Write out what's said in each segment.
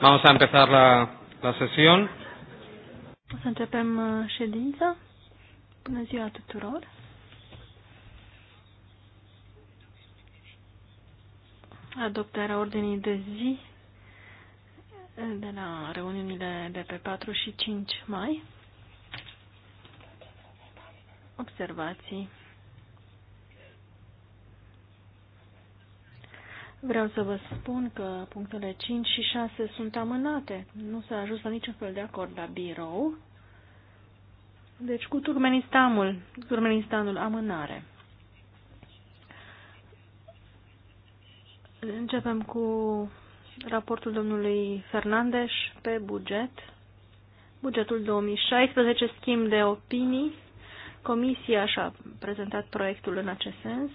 Vamos a empezar la, la sesión. O să începem uh, ședința. Bună ziua tuturor! Adoptarea ordinii de zi uh, de la reuniunile de pe 4 și 5 mai. Observații. Vreau să vă spun că punctele 5 și 6 sunt amânate. Nu s-a ajuns la niciun fel de acord la birou. Deci cu Turmenistanul, Turmenistanul amânare. Începem cu raportul domnului Fernandes pe buget. Bugetul 2016, schimb de opinii. Comisia și-a prezentat proiectul în acest sens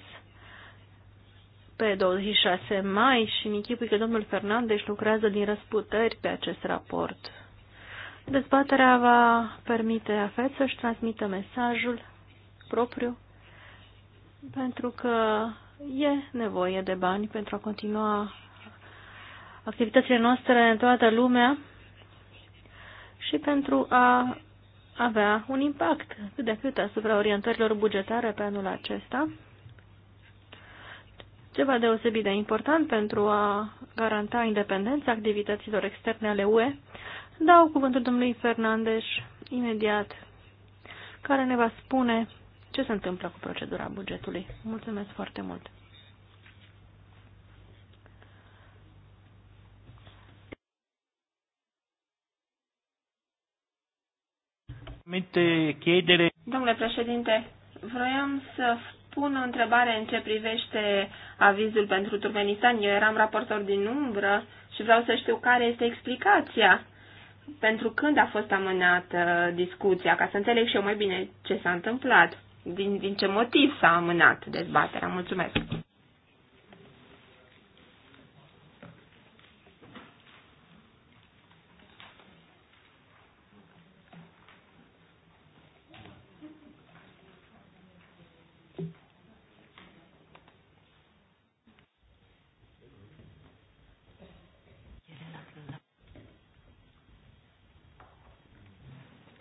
pe 26 mai și închipui că domnul Fernandez lucrează din răsputeri pe acest raport. Dezbaterea va permite a FED să-și transmită mesajul propriu, pentru că e nevoie de bani pentru a continua activitățile noastre în toată lumea și pentru a avea un impact cât de cât asupra orientărilor bugetare pe anul acesta ceva deosebit de important pentru a garanta independența activităților externe ale UE, dau cuvântul domnului Fernandes imediat, care ne va spune ce se întâmplă cu procedura bugetului. Mulțumesc foarte mult! Domnule președinte, vroiam să pun o întrebare în ce privește avizul pentru Turmenistan. Eu eram raportor din umbră și vreau să știu care este explicația pentru când a fost amânată discuția, ca să înțeleg și eu mai bine ce s-a întâmplat, din, din ce motiv s-a amânat dezbaterea. Mulțumesc!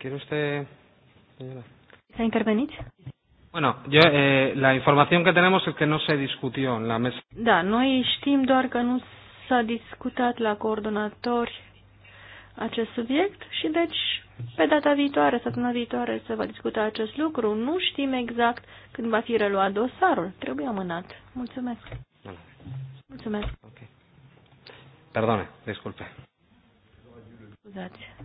¿Quiere usted, ¿Se ha intervenido? Bueno, yo, eh, la información que tenemos es que no se discutió en la mesa. Da, noi știm doar că nu s-a discutat la coordonatori acest subiect și deci pe data viitoare, săptămâna viitoare, se va discuta acest lucru. Nu știm exact când va fi reluat dosarul. Trebuie amânat. Mulțumesc. Mulțumesc. Okay. Perdone, disculpe. Scuzați.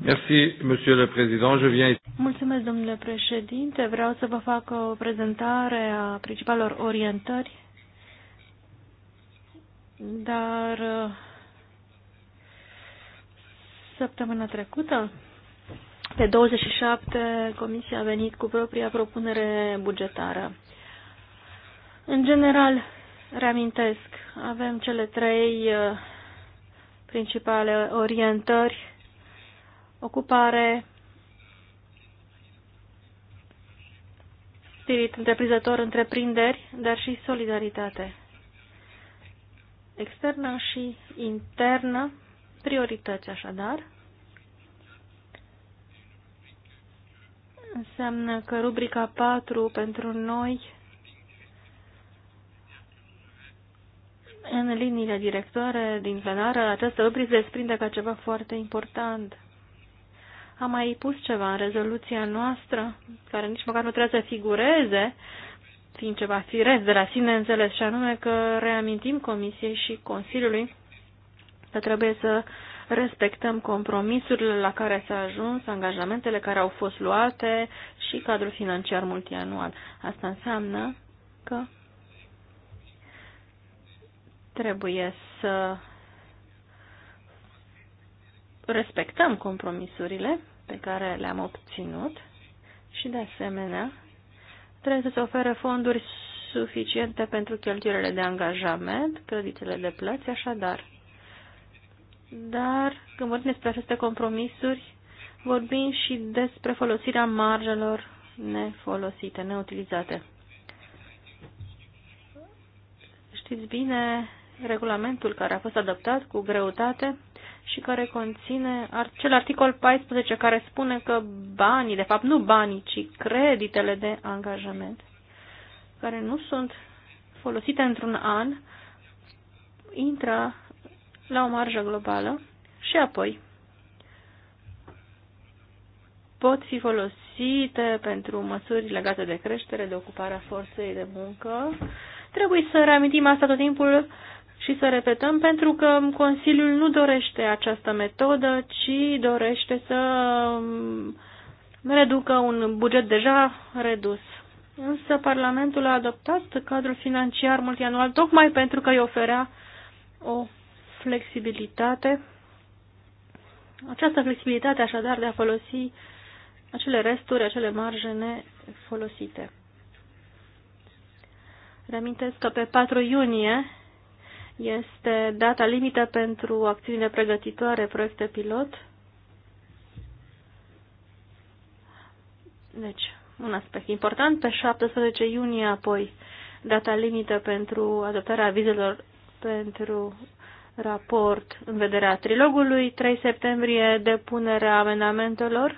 Merci, Monsieur le Président. Je viens... Mulțumesc, domnule președinte. Vreau să vă fac o prezentare a principalor orientări, dar uh, săptămâna trecută, pe 27, Comisia a venit cu propria propunere bugetară. În general, reamintesc, avem cele trei uh, principale orientări ocupare, spirit întreprinzător, întreprinderi, dar și solidaritate externă și internă, priorități așadar. Înseamnă că rubrica 4 pentru noi în liniile directoare din plenară, această rubrică se desprinde ca ceva foarte important. Am mai pus ceva în rezoluția noastră, care nici măcar nu trebuie să figureze, fiind ceva firesc de la sine înțeles, și anume că reamintim Comisiei și Consiliului că trebuie să respectăm compromisurile la care s-a ajuns, angajamentele care au fost luate și cadrul financiar multianual. Asta înseamnă că trebuie să respectăm compromisurile pe care le-am obținut și, de asemenea, trebuie să se ofere fonduri suficiente pentru cheltuielile de angajament, creditele de plăți, așadar. Dar, când vorbim despre aceste compromisuri, vorbim și despre folosirea marjelor nefolosite, neutilizate. Știți bine, regulamentul care a fost adoptat cu greutate și care conține acel articol 14 care spune că banii, de fapt nu banii, ci creditele de angajament, care nu sunt folosite într-un an, intră la o marjă globală și apoi pot fi folosite pentru măsuri legate de creștere, de ocuparea forței de muncă. Trebuie să reamintim asta tot timpul și să repetăm, pentru că Consiliul nu dorește această metodă, ci dorește să um, reducă un buget deja redus. Însă Parlamentul a adoptat cadrul financiar multianual tocmai pentru că îi oferea o flexibilitate. Această flexibilitate așadar de a folosi acele resturi, acele marje folosite. Reamintesc că pe 4 iunie este data limită pentru acțiunile pregătitoare, proiecte pilot. Deci, un aspect important, pe 17 iunie apoi data limită pentru adoptarea avizelor pentru raport în vederea trilogului, 3 septembrie depunerea amendamentelor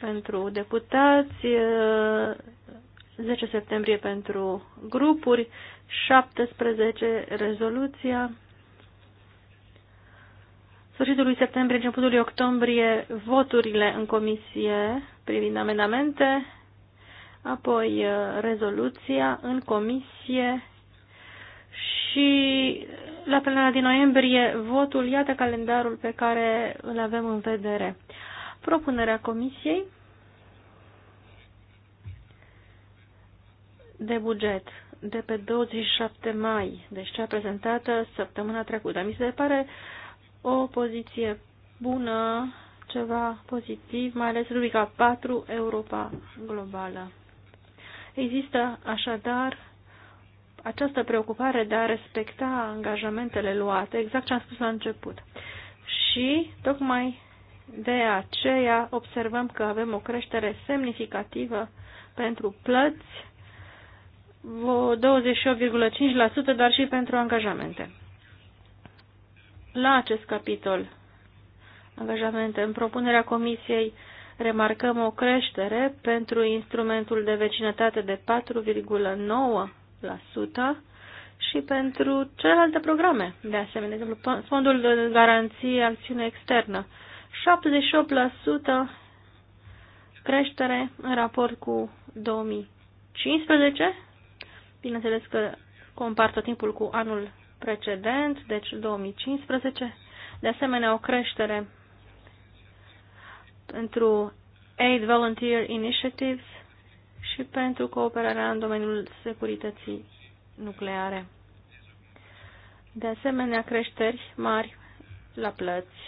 pentru deputați, 10 septembrie pentru grupuri, 17. Rezoluția sfârșitul lui septembrie, începutul lui octombrie, voturile în comisie privind amendamente, apoi uh, rezoluția în comisie și uh, la plenara din noiembrie votul, iată calendarul pe care îl avem în vedere. Propunerea comisiei de buget de pe 27 mai, deci cea prezentată săptămâna trecută. Mi se pare o poziție bună, ceva pozitiv, mai ales rubrica 4, Europa Globală. Există așadar această preocupare de a respecta angajamentele luate, exact ce am spus la început. Și tocmai de aceea observăm că avem o creștere semnificativă pentru plăți 28,5%, dar și pentru angajamente. La acest capitol, angajamente, în propunerea Comisiei remarcăm o creștere pentru instrumentul de vecinătate de 4,9% și pentru celelalte programe, de asemenea, de exemplu, Fondul de Garanție Acțiune Externă, 78% creștere în raport cu 2015, Bineînțeles că compar tot timpul cu anul precedent, deci 2015. De asemenea, o creștere pentru Aid Volunteer Initiatives și pentru cooperarea în domeniul securității nucleare. De asemenea, creșteri mari la plăți,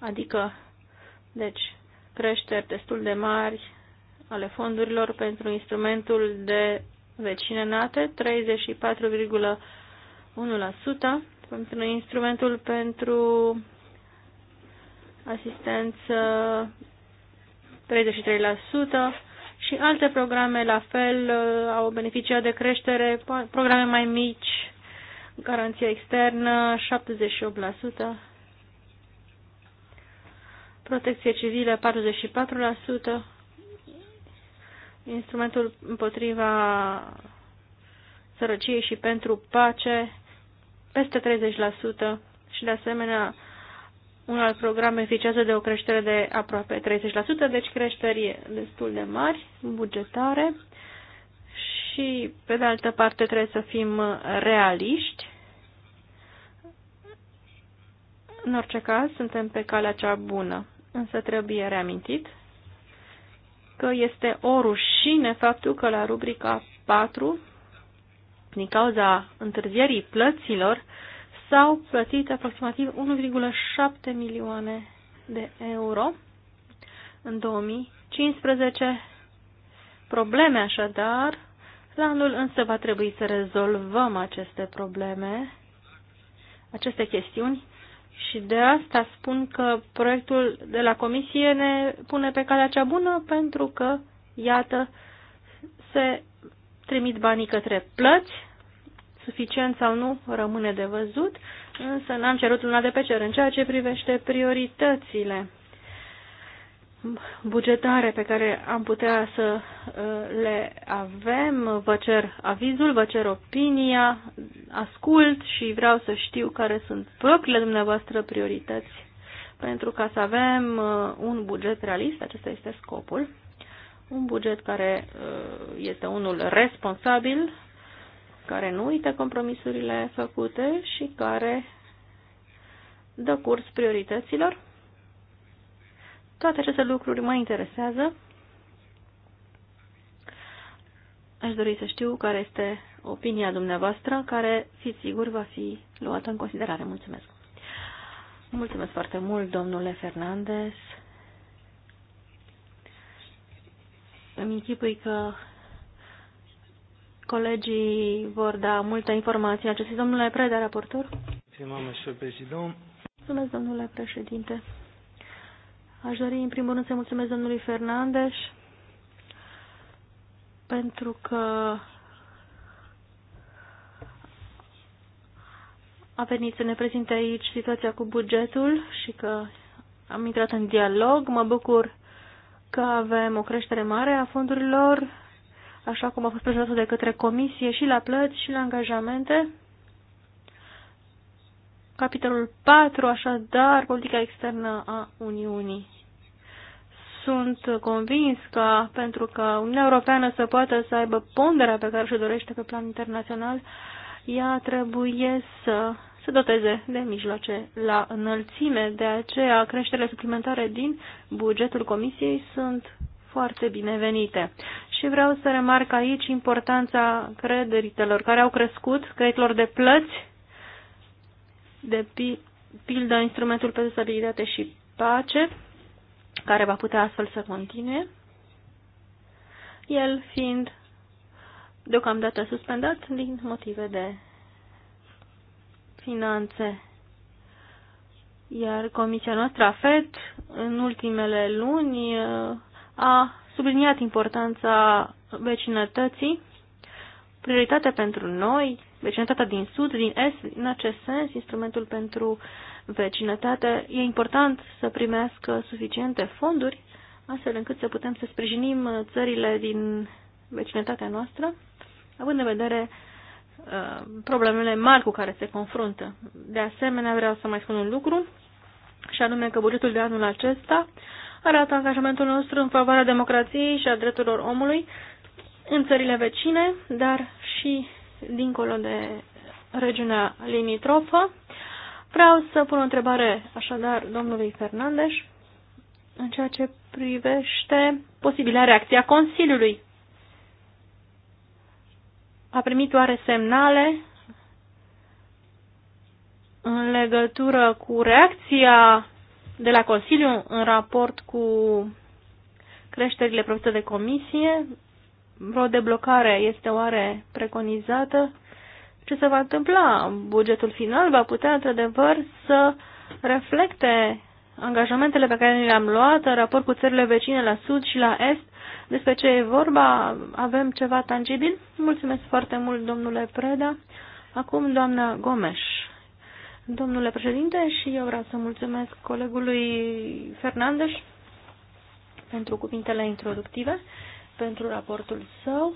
adică, deci, creșteri destul de mari ale fondurilor pentru instrumentul de vecinătate, 34,1% pentru instrumentul pentru asistență 33% și alte programe la fel uh, au beneficiat de creștere, programe mai mici, garanția externă 78%, protecție civilă 44%, instrumentul împotriva sărăciei și pentru pace, peste 30% și de asemenea un alt program eficiază de o creștere de aproape 30%, deci creșteri destul de mari, bugetare și pe de altă parte trebuie să fim realiști. În orice caz, suntem pe calea cea bună, însă trebuie reamintit că este o rușine faptul că la rubrica 4, din cauza întârzierii plăților, s-au plătit aproximativ 1,7 milioane de euro în 2015. Probleme așadar, la anul însă va trebui să rezolvăm aceste probleme, aceste chestiuni și de asta spun că proiectul de la comisie ne pune pe calea cea bună pentru că, iată, se trimit banii către plăți, suficient sau nu rămâne de văzut, însă n-am cerut una de pe cer în ceea ce privește prioritățile bugetare pe care am putea să uh, le avem. Vă cer avizul, vă cer opinia, ascult și vreau să știu care sunt propriile dumneavoastră priorități pentru ca să avem uh, un buget realist, acesta este scopul, un buget care uh, este unul responsabil, care nu uită compromisurile făcute și care dă curs priorităților toate aceste lucruri mă interesează. Aș dori să știu care este opinia dumneavoastră, care, fiți sigur, va fi luată în considerare. Mulțumesc! Mulțumesc foarte mult, domnule Fernandez. Îmi închipui că colegii vor da multă informație acestui domnule Preda, raportor. Mulțumesc, domnule președinte. Aș dori în primul rând să mulțumesc domnului Fernandes pentru că a venit să ne prezinte aici situația cu bugetul și că am intrat în dialog. Mă bucur că avem o creștere mare a fondurilor, așa cum a fost prezentată de către comisie și la plăți și la angajamente. Capitolul 4, așadar, politica externă a Uniunii. Sunt convins că pentru că Uniunea Europeană să poată să aibă ponderea pe care și-o dorește pe plan internațional, ea trebuie să se doteze de mijloace la înălțime. De aceea, creșterile suplimentare din bugetul Comisiei sunt foarte binevenite. Și vreau să remarc aici importanța creditelor care au crescut, creditelor de plăți de pildă instrumentul pentru stabilitate și pace, care va putea astfel să continue, el fiind deocamdată suspendat din motive de finanțe. Iar comisia noastră, FED în ultimele luni a subliniat importanța vecinătății, prioritatea pentru noi vecinătatea din sud, din est, în acest sens, instrumentul pentru vecinătate, e important să primească suficiente fonduri, astfel încât să putem să sprijinim țările din vecinătatea noastră, având în vedere uh, problemele mari cu care se confruntă. De asemenea, vreau să mai spun un lucru, și anume că bugetul de anul acesta arată angajamentul nostru în favoarea democrației și a drepturilor omului în țările vecine, dar și dincolo de regiunea limitrofă. Vreau să pun o întrebare așadar domnului Fernandes în ceea ce privește posibilă reacția Consiliului. A primit oare semnale în legătură cu reacția de la Consiliu în raport cu creșterile profite de comisie vreo deblocare este oare preconizată? Ce se va întâmpla? Bugetul final va putea, într-adevăr, să reflecte angajamentele pe care le-am luat în raport cu țările vecine la sud și la est. Despre ce e vorba? Avem ceva tangibil? Mulțumesc foarte mult, domnule Preda. Acum, doamna Gomes. Domnule președinte, și eu vreau să mulțumesc colegului Fernandes pentru cuvintele introductive pentru raportul său.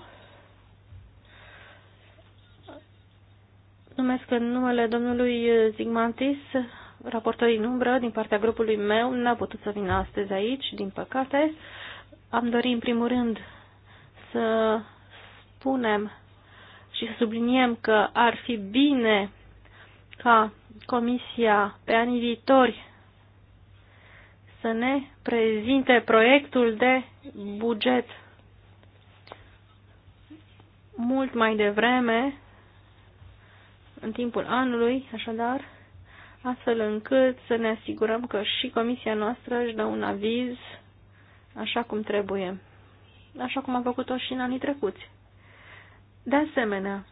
Numesc în numele domnului Zigmantis, raportor în umbră din partea grupului meu, n-a putut să vină astăzi aici, din păcate. Am dorit în primul rând să spunem și să subliniem că ar fi bine ca Comisia pe anii viitori să ne prezinte proiectul de buget mult mai devreme, în timpul anului, așadar, astfel încât să ne asigurăm că și comisia noastră își dă un aviz așa cum trebuie, așa cum a făcut-o și în anii trecuți. De asemenea,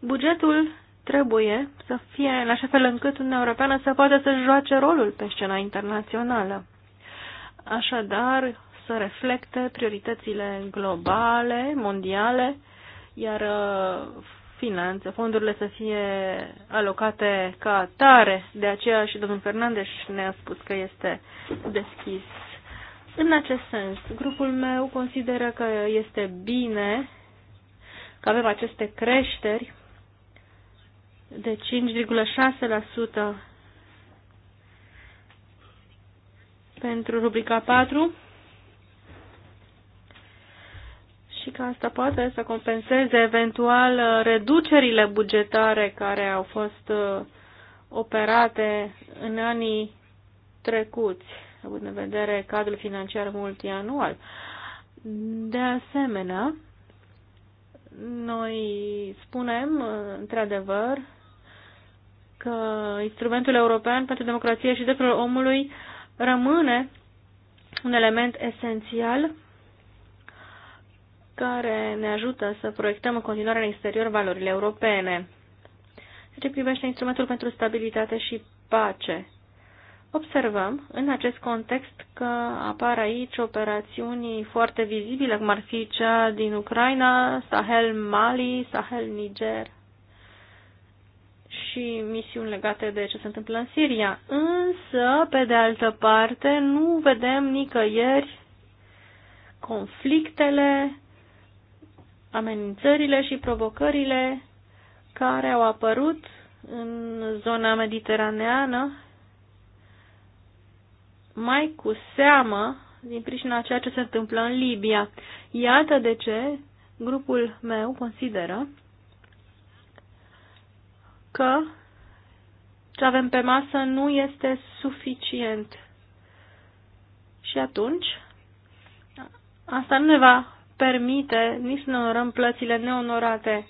bugetul trebuie să fie în așa fel încât Uniunea Europeană să poată să joace rolul pe scena internațională. Așadar, să reflecte prioritățile globale, mondiale, iar uh, finanțe, fondurile să fie alocate ca tare. De aceea și domnul Fernandez ne-a spus că este deschis. În acest sens, grupul meu consideră că este bine că avem aceste creșteri de 5,6% pentru rubrica 4 și că asta poate să compenseze eventual uh, reducerile bugetare care au fost uh, operate în anii trecuți, având în vedere cadrul financiar multianual. De asemenea, noi spunem, uh, într-adevăr, că instrumentul european pentru democrație și drepturile omului rămâne un element esențial care ne ajută să proiectăm în continuare în exterior valorile europene. În ce privește instrumentul pentru stabilitate și pace, observăm în acest context că apar aici operațiuni foarte vizibile, cum ar fi cea din Ucraina, Sahel Mali, Sahel Niger și misiuni legate de ce se întâmplă în Siria. Însă, pe de altă parte, nu vedem nicăieri conflictele amenințările și provocările care au apărut în zona mediteraneană, mai cu seamă din pricina ceea ce se întâmplă în Libia. Iată de ce grupul meu consideră că ce avem pe masă nu este suficient. Și atunci, asta nu ne va permite nici să ne onorăm plățile neonorate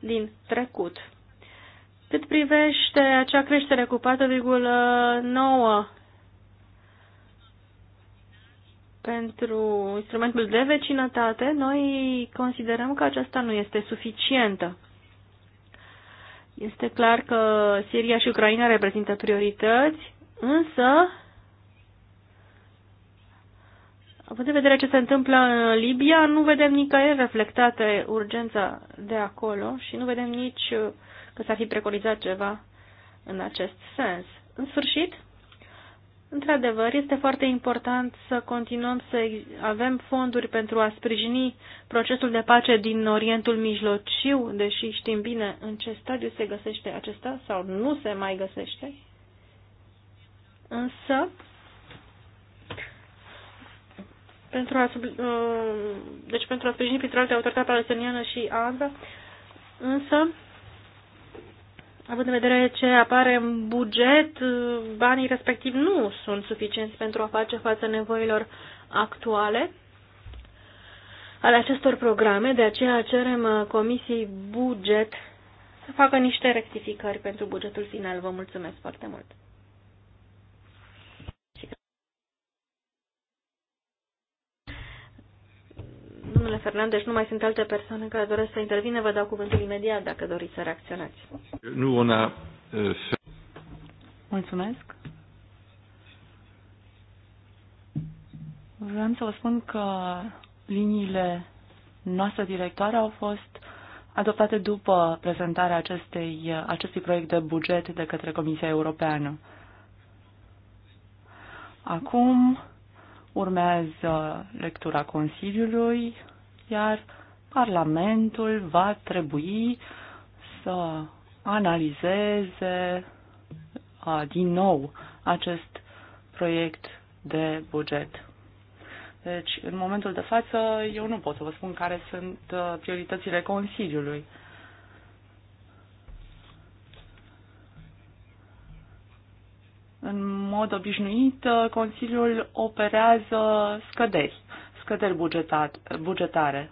din trecut. Cât privește acea creștere cu 4,9 pentru instrumentul de vecinătate, noi considerăm că aceasta nu este suficientă. Este clar că Siria și Ucraina reprezintă priorități, însă Având în vedere ce se întâmplă în Libia, nu vedem nicăieri reflectată urgența de acolo și nu vedem nici uh, că s-ar fi preconizat ceva în acest sens. În sfârșit, într-adevăr, este foarte important să continuăm să avem fonduri pentru a sprijini procesul de pace din Orientul Mijlociu, deși știm bine în ce stadiu se găsește acesta sau nu se mai găsește. Însă, pentru a, sub, uh, deci pentru a sprijini printre alte autoritatea palestiniană și ANDA, însă, având în vedere ce apare în buget, uh, banii respectiv nu sunt suficienți pentru a face față nevoilor actuale ale acestor programe, de aceea cerem uh, Comisiei Buget să facă niște rectificări pentru bugetul final. Vă mulțumesc foarte mult! Domnule Fernandez, nu mai sunt alte persoane care doresc să intervine. Vă dau cuvântul imediat dacă doriți să reacționați. Nu una... Uh, Mulțumesc. Vreau să vă spun că liniile noastre directoare au fost adoptate după prezentarea acestei, acestui proiect de buget de către Comisia Europeană. Acum, urmează lectura Consiliului, iar Parlamentul va trebui să analizeze din nou acest proiect de buget. Deci, în momentul de față, eu nu pot să vă spun care sunt prioritățile Consiliului. În mod obișnuit, uh, Consiliul operează scăderi, scăderi bugetare.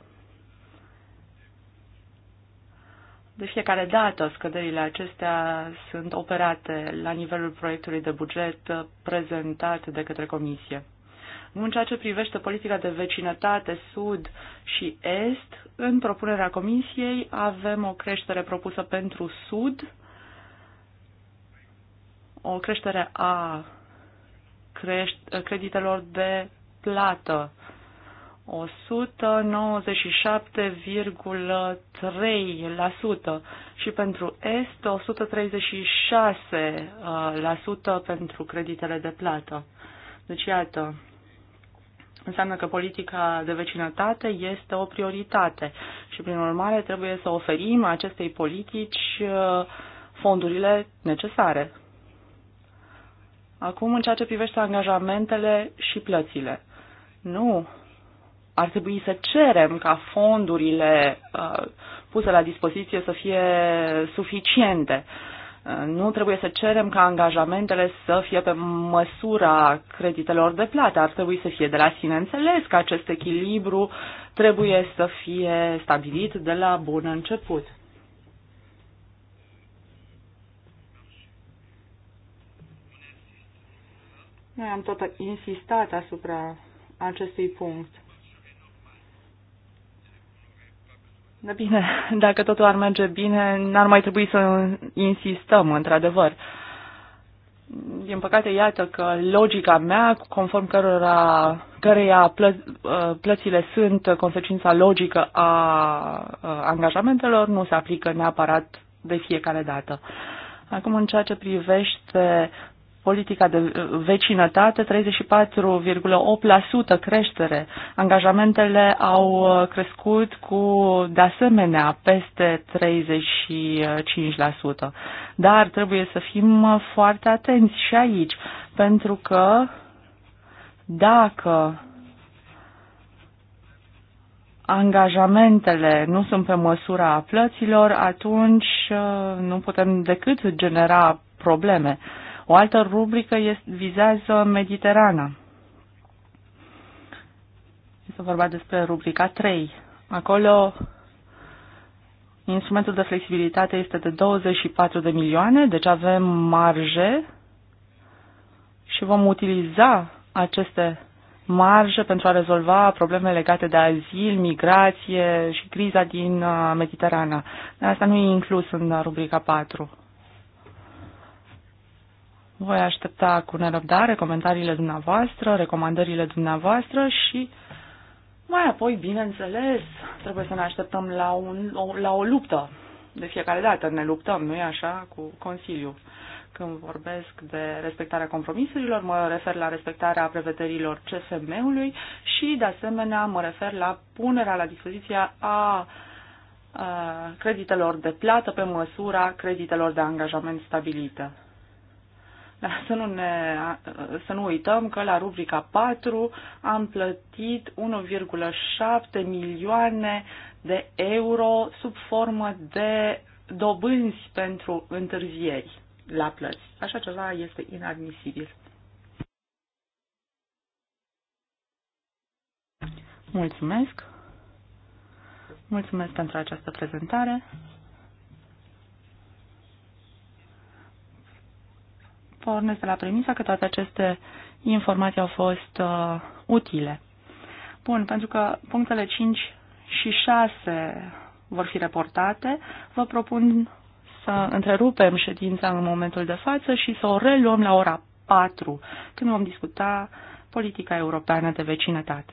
De fiecare dată scăderile acestea sunt operate la nivelul proiectului de buget uh, prezentat de către Comisie. În ceea ce privește politica de vecinătate sud și est, în propunerea Comisiei avem o creștere propusă pentru sud o creștere a creditelor de plată 197,3% și pentru Est 136% pentru creditele de plată. Deci iată, înseamnă că politica de vecinătate este o prioritate și prin urmare trebuie să oferim acestei politici uh, fondurile necesare. Acum, în ceea ce privește angajamentele și plățile. Nu. Ar trebui să cerem ca fondurile uh, puse la dispoziție să fie suficiente. Uh, nu trebuie să cerem ca angajamentele să fie pe măsura creditelor de plată. Ar trebui să fie de la sine înțeles că acest echilibru trebuie să fie stabilit de la bun început. Noi am tot insistat asupra acestui punct. Da bine, dacă totul ar merge bine, n-ar mai trebui să insistăm, într-adevăr. Din păcate, iată că logica mea, conform cărora, căreia plă, uh, plățile sunt consecința logică a uh, angajamentelor, nu se aplică neapărat de fiecare dată. Acum, în ceea ce privește politica de vecinătate, 34,8% creștere. Angajamentele au uh, crescut cu, de asemenea, peste 35%. Dar trebuie să fim uh, foarte atenți și aici, pentru că dacă angajamentele nu sunt pe măsura plăților, atunci uh, nu putem decât genera probleme. Uh, o altă rubrică este, vizează Mediterana. Este vorba despre rubrica 3. Acolo instrumentul de flexibilitate este de 24 de milioane, deci avem marje și vom utiliza aceste marjă pentru a rezolva probleme legate de azil, migrație și criza din uh, Mediterana. Dar asta nu e inclus în uh, rubrica 4. Voi aștepta cu nerăbdare comentariile dumneavoastră, recomandările dumneavoastră și mai apoi, bineînțeles, trebuie să ne așteptăm la, un, o, la o luptă. De fiecare dată ne luptăm, nu-i așa, cu Consiliul. Când vorbesc de respectarea compromisurilor, mă refer la respectarea prevederilor CFM-ului și, de asemenea, mă refer la punerea la dispoziția a creditelor de plată pe măsura creditelor de angajament stabilită. Dar să nu, ne, să nu uităm că la rubrica 4 am plătit 1,7 milioane de euro sub formă de dobânzi pentru întârzieri la plăți. Așa ceva este inadmisibil. Mulțumesc! Mulțumesc pentru această prezentare. pornesc de la premisa că toate aceste informații au fost uh, utile. Bun, pentru că punctele 5 și 6 vor fi reportate, vă propun să întrerupem ședința în momentul de față și să o reluăm la ora 4, când vom discuta politica europeană de vecinătate.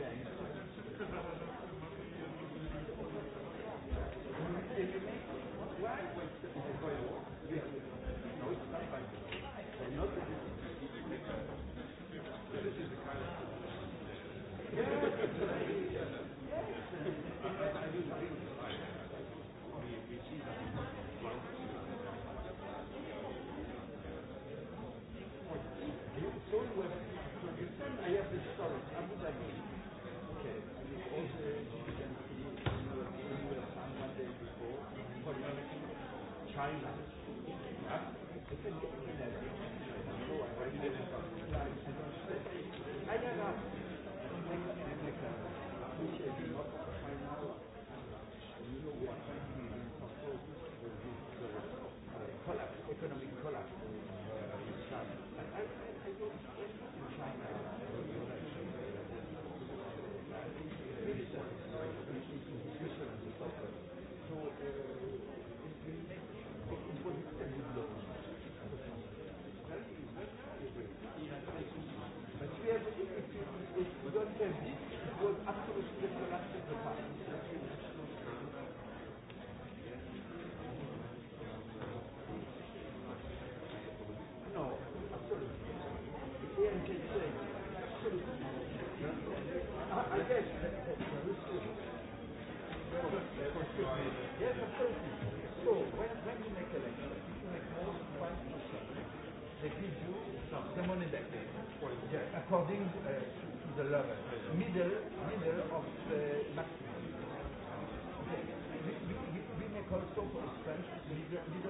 Thank you. Gracias.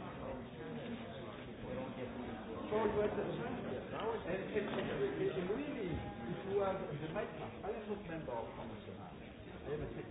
National Member of Commerce and Agriculture.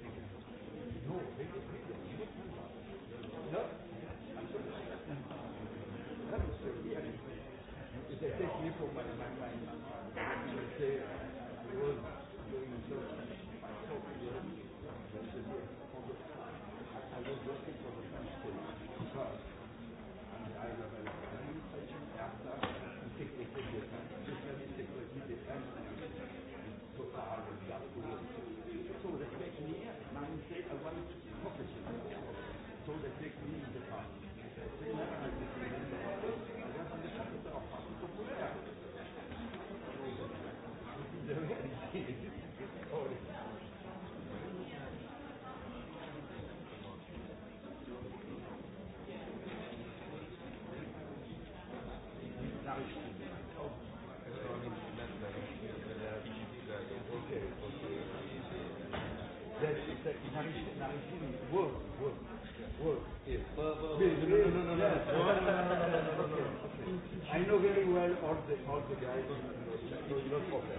the, all the guys, so you don't forget.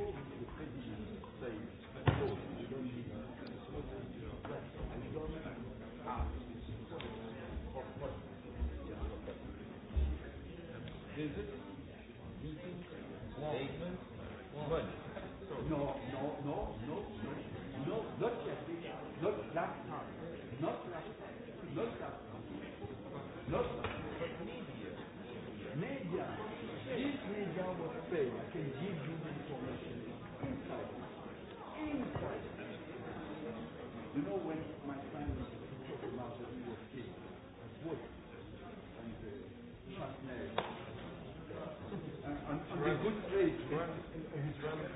No, not,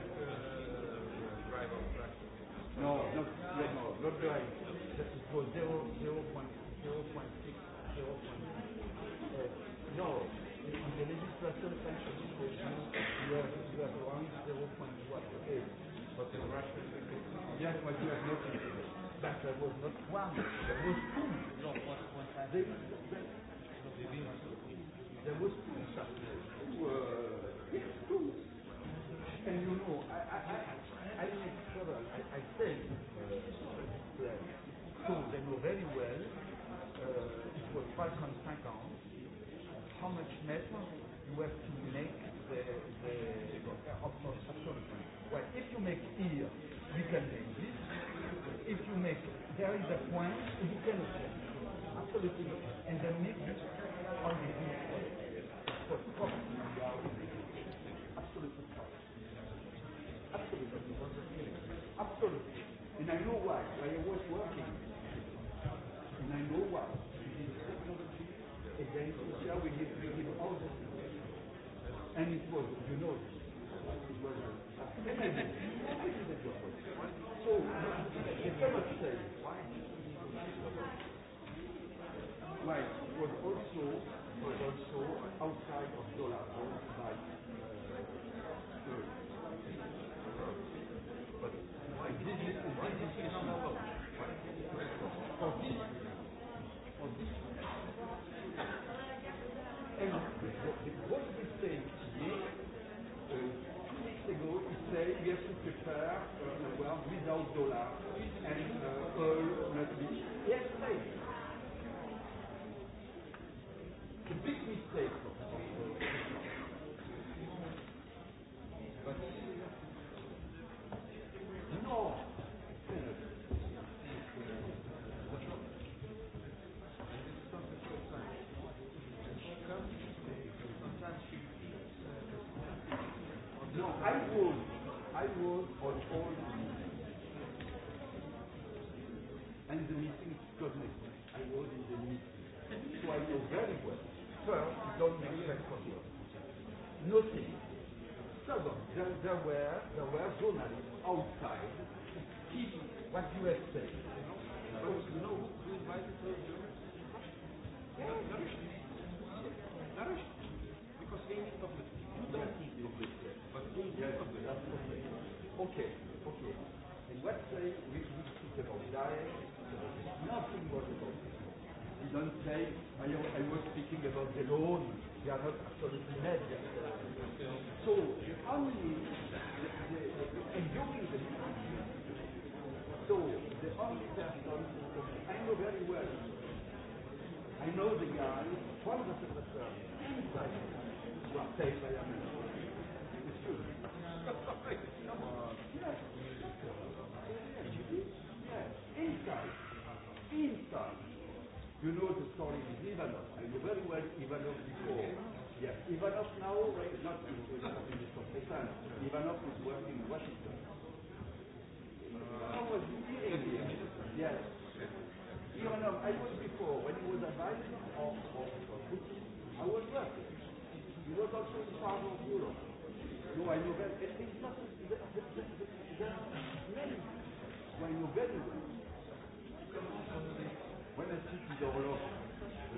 no, not driving. That is for zero, zero point, zero point six, zero point. no, on the legislature sanction equation, you have, you have around zero point what eight. But in Russia, yes, but you have not. But there was not one. There was two. one, one. There was I think uh, so they know very well uh, it was 550 how much metal you have to make the, the absorption. Well, if you make here, you can make this. If you make, there is a point, you can Absolutely. And then make this on the Inside. So, Absolutely. And I know why. I was working. And I know why. And then all the And it was, you know, it was a They are not absolutely mad. So you only enjoying the So the only person I know very well. I know the guy, one of the professors, inside, who are saved by America. It's true. Inside. Inside. You know the story with Ivanov. I know very well Ivanov Ivanov now, right, not in Pakistan. Ivanov is working in Washington. How was he here? Yes. Ivanov, I was before, when he was advisor of, of Putin, I was working. He was also in part of Europe. No, I know very well. Eh, eh, it's not, the, there, there are many who I know very well. When I speak with Orlov,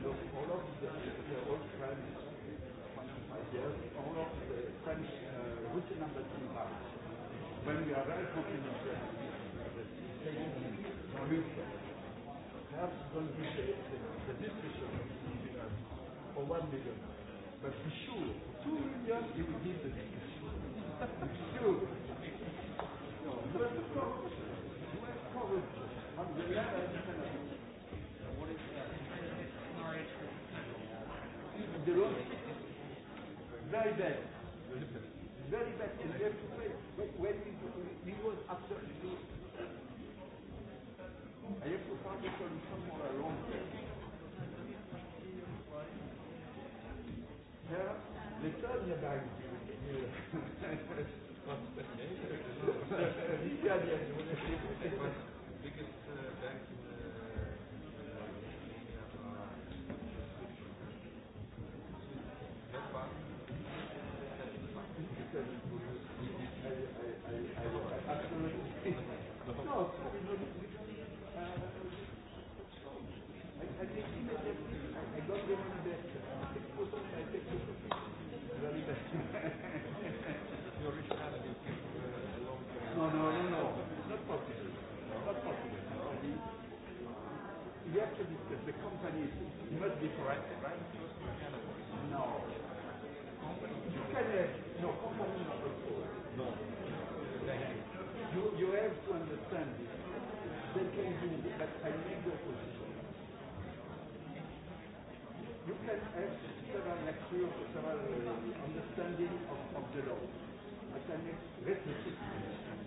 Orlov is the old friend yes, all of the French uh, route number When we are very confident that Jean-Luc has going to be the, decision for one million. But for sure, two million will give the decision. sure. No, you have What is Even the very bad. Very bad. And we have to pray. But when we, he was absolutely. I have to find a solution for a long term. Here, the third guy. Yeah. company must be corrected, right? No. You can have, no, company not also. No. You, you have to understand this. They can do but I make the opposition. You can have several lectures, several uh, understanding of, of the law. But I make retrospective understanding.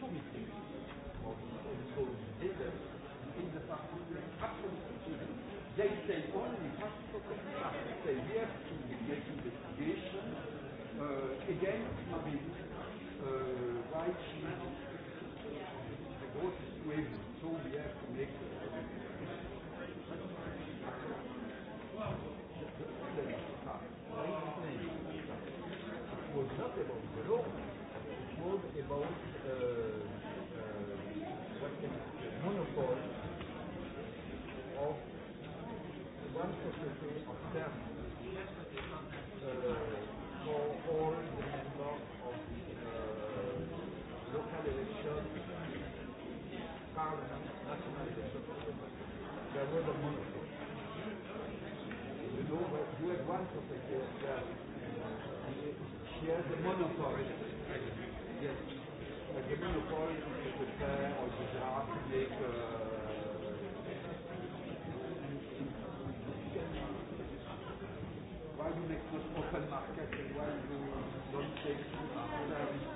Zurück. German authorities, yes, the German authorities to prepare or to draft make uh, why you make open market and why you don't take service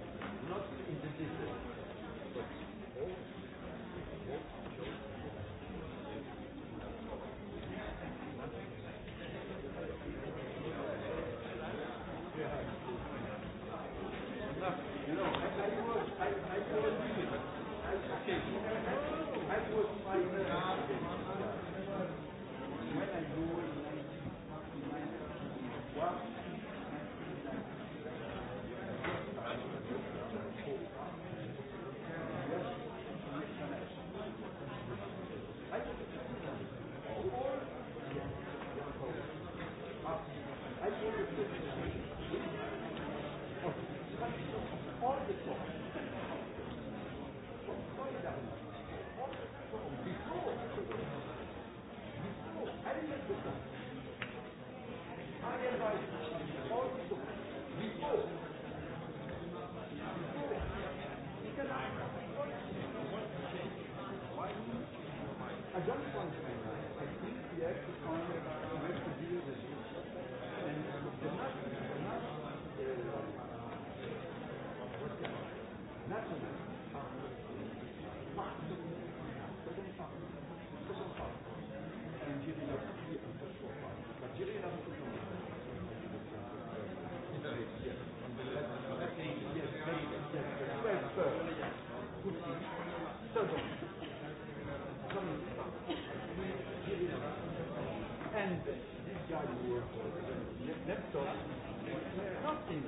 Laptop. Nothing.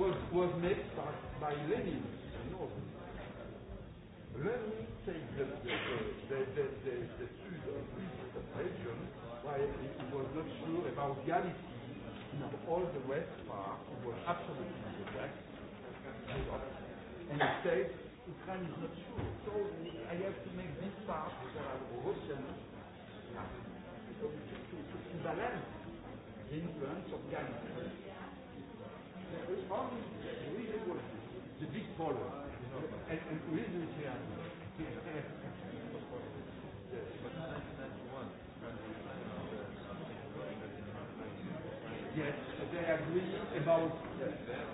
was, was made by, by Lenin. No. Lenin said that the, the, the, the, the Sud of the region why he was not sure about reality. No. All the West part was absolutely correct. And he said, Ukraine is not sure. So I have to make this part that are Russian to, to, to balance the influence of reality. The big follow. And, and really, Yes, they agree about.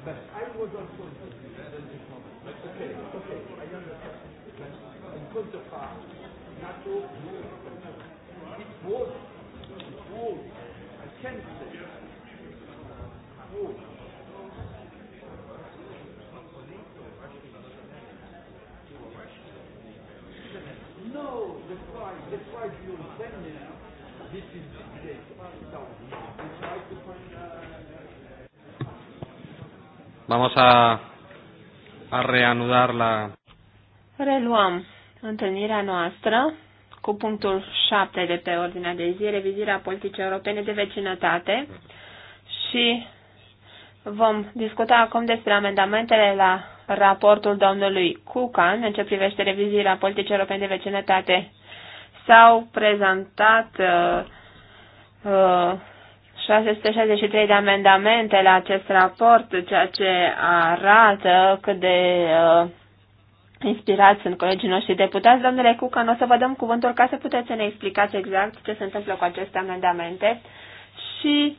But I was also. Okay, okay, I understand. But in counterpart, NATO, it was, it was, I can't Vamos a, a reanudar la... Reluăm întâlnirea noastră cu punctul 7 de pe ordinea de zi, revizirea politicii europene de vecinătate și vom discuta acum despre amendamentele la raportul domnului Cucan în ce privește revizirea politicii europene de vecinătate S-au prezentat uh, uh, 663 de amendamente la acest raport, ceea ce arată cât de uh, inspirați sunt colegii noștri deputați. Domnule Cucan, o să vă dăm cuvântul ca să puteți să ne explicați exact ce se întâmplă cu aceste amendamente și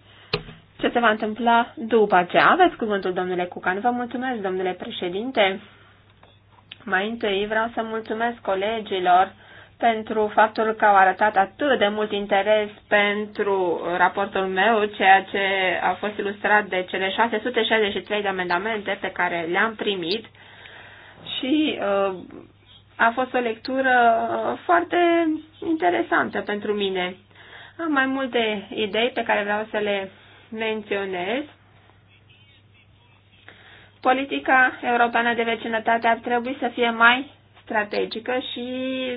ce se va întâmpla după aceea. Aveți cuvântul, domnule Cucan. Vă mulțumesc, domnule președinte. Mai întâi vreau să mulțumesc colegilor pentru faptul că au arătat atât de mult interes pentru raportul meu, ceea ce a fost ilustrat de cele 663 de amendamente pe care le-am primit și uh, a fost o lectură foarte interesantă pentru mine. Am mai multe idei pe care vreau să le menționez. Politica europeană de vecinătate ar trebui să fie mai strategică și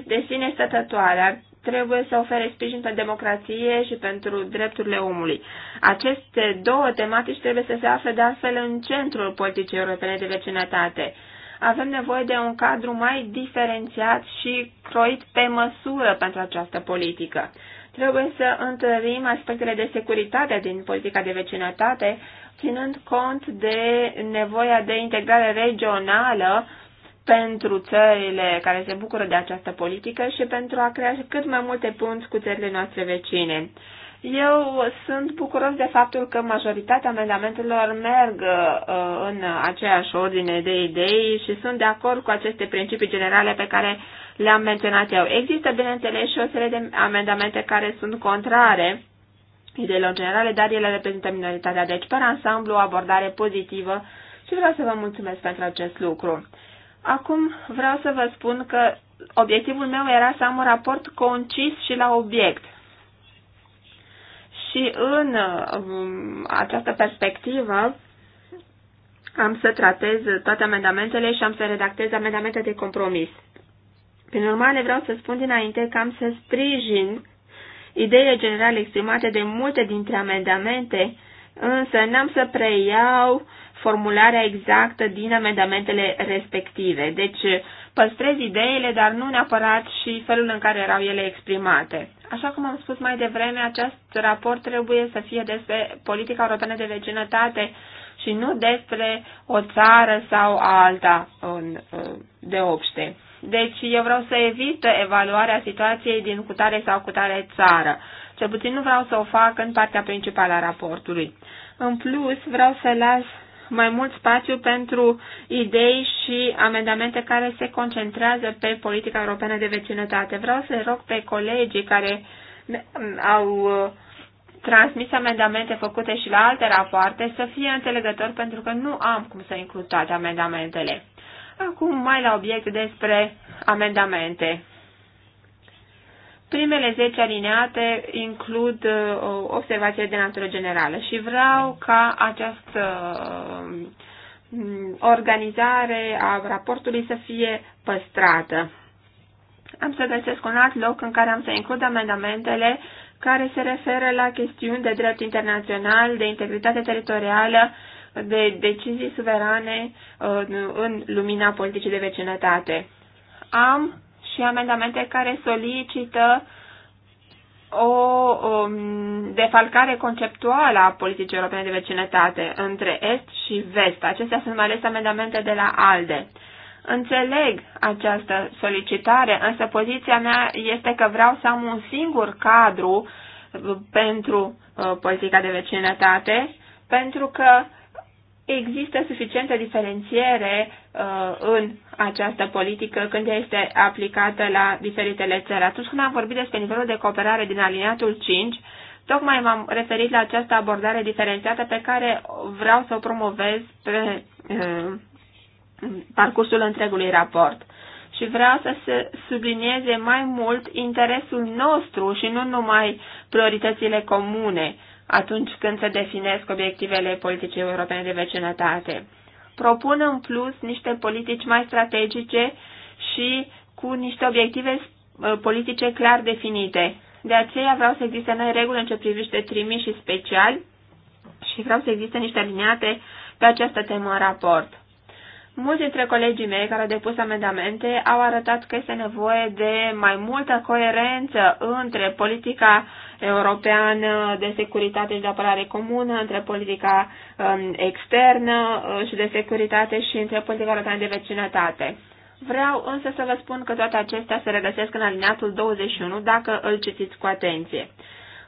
de sine stătătoare. Trebuie să ofere sprijin pentru democrație și pentru drepturile omului. Aceste două tematici trebuie să se afle de altfel în centrul politicii europene de vecinătate. Avem nevoie de un cadru mai diferențiat și croit pe măsură pentru această politică. Trebuie să întărim aspectele de securitate din politica de vecinătate, ținând cont de nevoia de integrare regională pentru țările care se bucură de această politică și pentru a crea cât mai multe punți cu țările noastre vecine. Eu sunt bucuros de faptul că majoritatea amendamentelor merg uh, în aceeași ordine de idei și sunt de acord cu aceste principii generale pe care le-am menționat eu. Există, bineînțeles, și o serie de amendamente care sunt contrare ideilor generale, dar ele reprezintă minoritatea. Deci, pe ansamblu, o abordare pozitivă și vreau să vă mulțumesc pentru acest lucru. Acum vreau să vă spun că obiectivul meu era să am un raport concis și la obiect. Și în um, această perspectivă am să tratez toate amendamentele și am să redactez amendamente de compromis. Prin urmare, vreau să spun dinainte că am să sprijin ideile generale exprimate de multe dintre amendamente, însă n-am să preiau formularea exactă din amendamentele respective. Deci păstrez ideile, dar nu neapărat și felul în care erau ele exprimate. Așa cum am spus mai devreme, acest raport trebuie să fie despre politica europeană de vecinătate și nu despre o țară sau alta de obște. Deci eu vreau să evit evaluarea situației din cutare sau cutare țară. Cel puțin nu vreau să o fac în partea principală a raportului. În plus, vreau să las mai mult spațiu pentru idei și amendamente care se concentrează pe politica europeană de vecinătate. Vreau să rog pe colegii care au uh, transmis amendamente făcute și la alte rapoarte să fie înțelegători pentru că nu am cum să includ toate amendamentele. Acum mai la obiect despre amendamente. Primele 10 alineate includ uh, observațiile de natură generală și vreau ca această uh, organizare a raportului să fie păstrată. Am să găsesc un alt loc în care am să includ amendamentele care se referă la chestiuni de drept internațional, de integritate teritorială, de decizii suverane uh, în lumina politicii de vecinătate. Am și amendamente care solicită o, o um, defalcare conceptuală a politicii europene de vecinătate între Est și Vest. Acestea sunt mai ales amendamente de la ALDE. Înțeleg această solicitare, însă poziția mea este că vreau să am un singur cadru pentru uh, politica de vecinătate, pentru că există suficientă diferențiere uh, în această politică când este aplicată la diferitele țări. Atunci când am vorbit despre nivelul de cooperare din aliniatul 5, tocmai m-am referit la această abordare diferențiată pe care vreau să o promovez pe uh, parcursul întregului raport. Și vreau să se sublinieze mai mult interesul nostru și nu numai prioritățile comune atunci când se definesc obiectivele politicii europene de vecinătate. Propun în plus niște politici mai strategice și cu niște obiective uh, politice clar definite. De aceea vreau să existe noi reguli în ce privește trimiși și speciali și vreau să existe niște aliniate pe această temă în raport. Mulți dintre colegii mei care au depus amendamente au arătat că este nevoie de mai multă coerență între politica europeană de securitate și de apărare comună, între politica um, externă uh, și de securitate și între politica europeană de vecinătate. Vreau însă să vă spun că toate acestea se regăsesc în alineatul 21 dacă îl citiți cu atenție.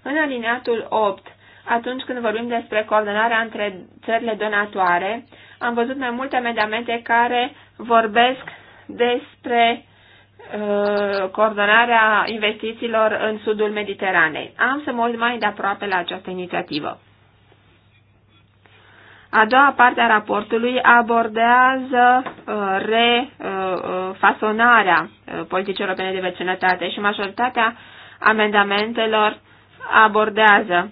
În alineatul 8, atunci când vorbim despre coordonarea între țările donatoare, am văzut mai multe amendamente care vorbesc despre uh, coordonarea investițiilor în sudul Mediteranei. Am să mă uit mai de aproape la această inițiativă. A doua parte a raportului abordează uh, refasonarea uh, politicii europene de vecinătate și majoritatea amendamentelor abordează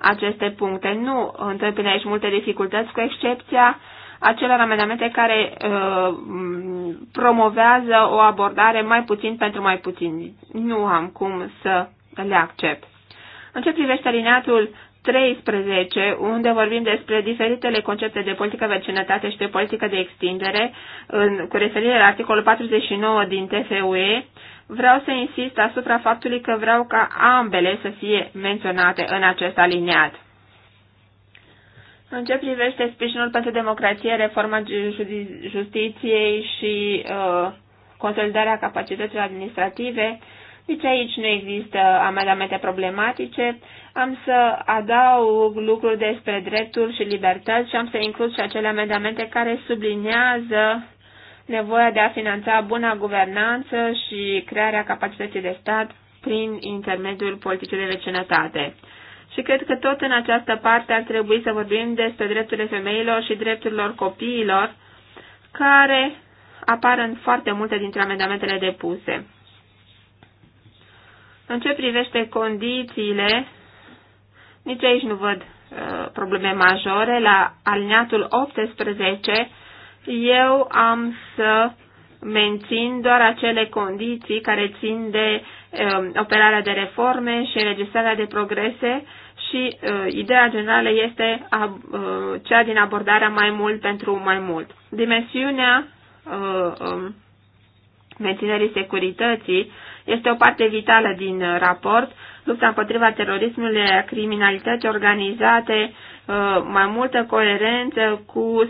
aceste puncte. Nu întâmpină aici multe dificultăți, cu excepția acelor amendamente care uh, promovează o abordare mai puțin pentru mai puțin. Nu am cum să le accept. În ce privește alineatul 13, unde vorbim despre diferitele concepte de politică vecinătate și de politică de extindere, în, cu referire la articolul 49 din TFUE, Vreau să insist asupra faptului că vreau ca ambele să fie menționate în acest aliniat. În ce privește sprijinul pentru democrație, reforma justiției și uh, consolidarea capacităților administrative, deci aici nu există amendamente problematice. Am să adaug lucruri despre drepturi și libertăți și am să includ și acele amendamente care subliniază nevoia de a finanța buna guvernanță și crearea capacității de stat prin intermediul politicii de vecinătate. Și cred că tot în această parte ar trebui să vorbim despre drepturile femeilor și drepturilor copiilor, care apar în foarte multe dintre amendamentele depuse. În ce privește condițiile, nici aici nu văd uh, probleme majore. La alineatul 18 eu am să mențin doar acele condiții care țin de uh, operarea de reforme și înregistrarea de progrese și uh, ideea generală este a, uh, cea din abordarea mai mult pentru mai mult. Dimensiunea uh, um, menținerii securității este o parte vitală din raport. Lupta împotriva terorismului, a criminalității organizate, uh, Uh, mai multă coerență cu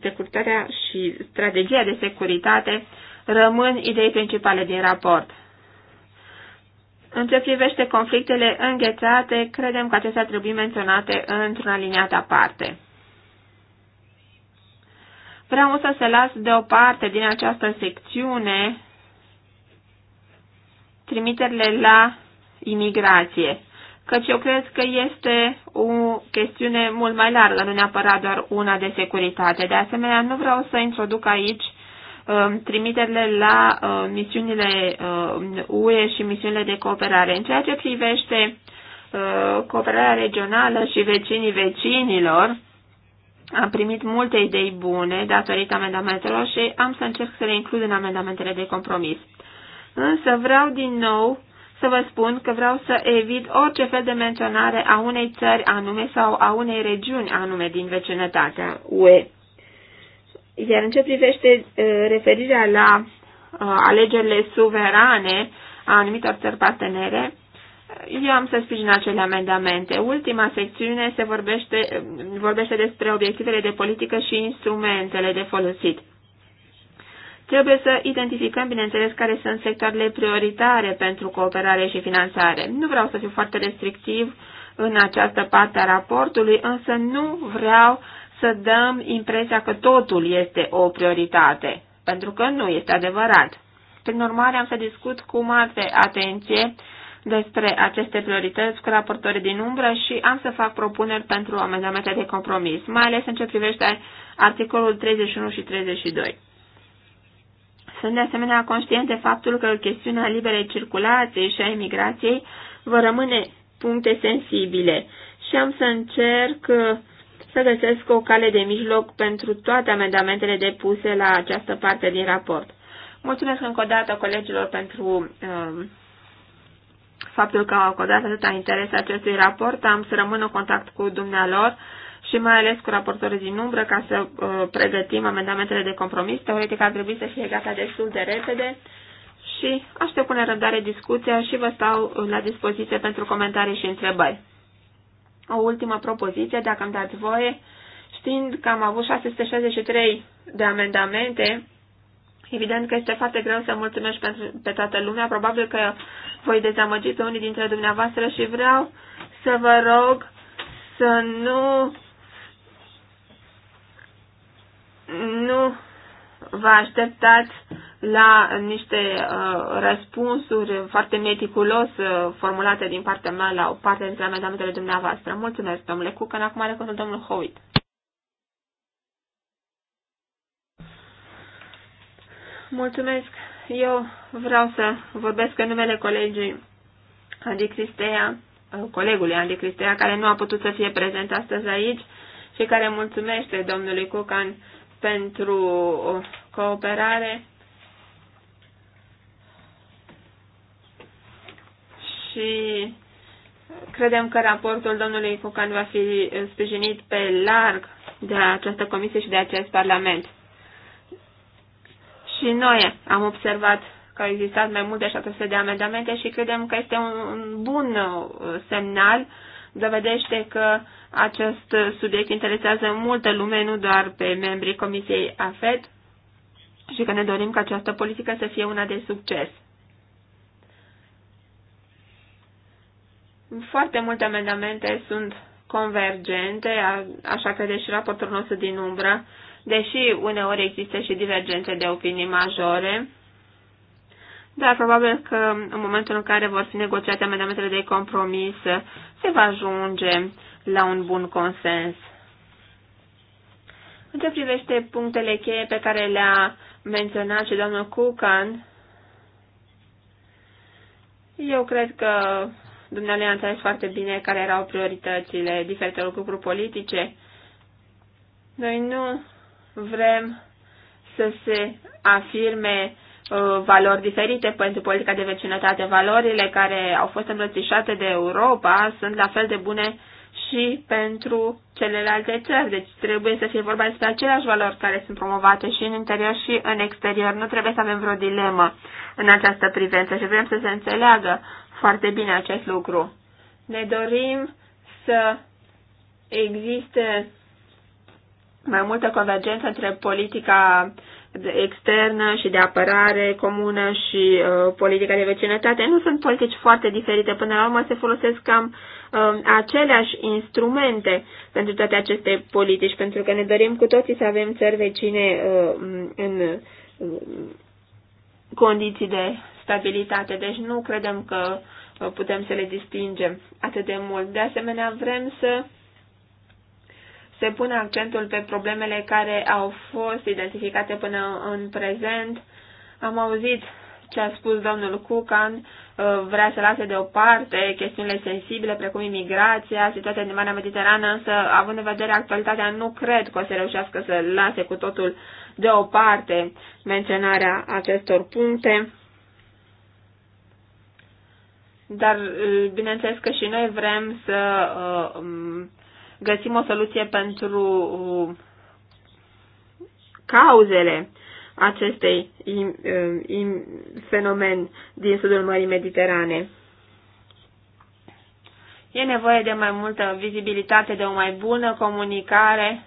securitatea și strategia de securitate rămân idei principale din raport. În ce privește conflictele înghețate, credem că acestea trebuie menționate într-un aliniat aparte. Vreau să se las deoparte din această secțiune trimiterile la imigrație căci eu cred că este o chestiune mult mai largă, nu neapărat doar una de securitate. De asemenea, nu vreau să introduc aici um, trimiterile la um, misiunile um, UE și misiunile de cooperare. În ceea ce privește uh, cooperarea regională și vecinii vecinilor, am primit multe idei bune datorită amendamentelor și am să încerc să le includ în amendamentele de compromis. Însă vreau din nou să vă spun că vreau să evit orice fel de menționare a unei țări anume sau a unei regiuni anume din vecinătatea UE. Iar în ce privește uh, referirea la uh, alegerile suverane a anumitor țări partenere, eu am să sprijin acele amendamente. Ultima secțiune se vorbește, uh, vorbește despre obiectivele de politică și instrumentele de folosit. Trebuie să identificăm, bineînțeles, care sunt sectoarele prioritare pentru cooperare și finanțare. Nu vreau să fiu foarte restrictiv în această parte a raportului, însă nu vreau să dăm impresia că totul este o prioritate, pentru că nu este adevărat. Prin urmare, am să discut cu mare atenție despre aceste priorități cu raportorii din umbră și am să fac propuneri pentru amendamente de compromis, mai ales în ce privește articolul 31 și 32. Sunt de asemenea conștient de faptul că chestiunea liberei circulației și a emigrației vor rămâne puncte sensibile și am să încerc uh, să găsesc o cale de mijloc pentru toate amendamentele depuse la această parte din raport. Mulțumesc încă o dată colegilor pentru uh, faptul că au acordat atâta interes acestui raport. Am să rămân în contact cu dumnealor și mai ales cu raportorii din umbră ca să uh, pregătim amendamentele de compromis. Teoretic ar trebui să fie gata destul de repede și aștept cu nerăbdare discuția și vă stau la dispoziție pentru comentarii și întrebări. O ultimă propoziție, dacă îmi dați voie, știind că am avut 663 de amendamente, evident că este foarte greu să mulțumesc pentru, pe toată lumea, probabil că voi dezamăgi pe unii dintre dumneavoastră și vreau să vă rog să nu nu vă așteptați la niște uh, răspunsuri foarte meticulos uh, formulate din partea mea la o parte dintre amendamentele dumneavoastră. Mulțumesc, domnule Cucan. Acum are cuvântul domnul Howitt. Mulțumesc. Eu vreau să vorbesc în numele colegii Andy Cristea, uh, colegului Andy Cristea, care nu a putut să fie prezent astăzi aici și care mulțumește domnului Cucan pentru cooperare și credem că raportul domnului Cucan va fi sprijinit pe larg de această comisie și de acest parlament. Și noi am observat că au existat mai multe și 700 de amendamente și credem că este un bun semnal, dovedește că uh, acest subiect interesează multă lume, nu doar pe membrii Comisiei AFED, și că ne dorim ca această politică să fie una de succes. Foarte multe amendamente sunt convergente, așa că deși raportul nostru din umbră, deși uneori există și divergențe de opinii majore, dar probabil că în momentul în care vor fi negociate amendamentele de compromis, se va ajunge la un bun consens. În ce privește punctele cheie pe care le-a menționat și domnul Cucan, eu cred că dumneavoastră a înțeles foarte bine care erau prioritățile diferitelor grupuri politice. Noi nu vrem să se afirme Uh, valori diferite pentru politica de vecinătate. Valorile care au fost îmbrățișate de Europa sunt la fel de bune și pentru celelalte țări. Deci trebuie să fie vorba despre aceleași valori care sunt promovate și în interior și în exterior. Nu trebuie să avem vreo dilemă în această privință și vrem să se înțeleagă foarte bine acest lucru. Ne dorim să existe mai multă convergență între politica externă și de apărare comună și uh, politica de vecinătate nu sunt politici foarte diferite. Până la urmă se folosesc cam uh, aceleași instrumente pentru toate aceste politici, pentru că ne dorim cu toții să avem țări vecine uh, în uh, condiții de stabilitate. Deci nu credem că uh, putem să le distingem atât de mult. De asemenea, vrem să se pune accentul pe problemele care au fost identificate până în prezent. Am auzit ce a spus domnul Cucan, uh, vrea să lase deoparte chestiunile sensibile precum imigrația, situația din Marea Mediterană, însă având în vedere actualitatea, nu cred că o să reușească să lase cu totul deoparte menționarea acestor puncte. Dar uh, bineînțeles că și noi vrem să uh, um, găsim o soluție pentru uh, cauzele acestei uh, fenomen din sudul Mării Mediterane. E nevoie de mai multă vizibilitate, de o mai bună comunicare.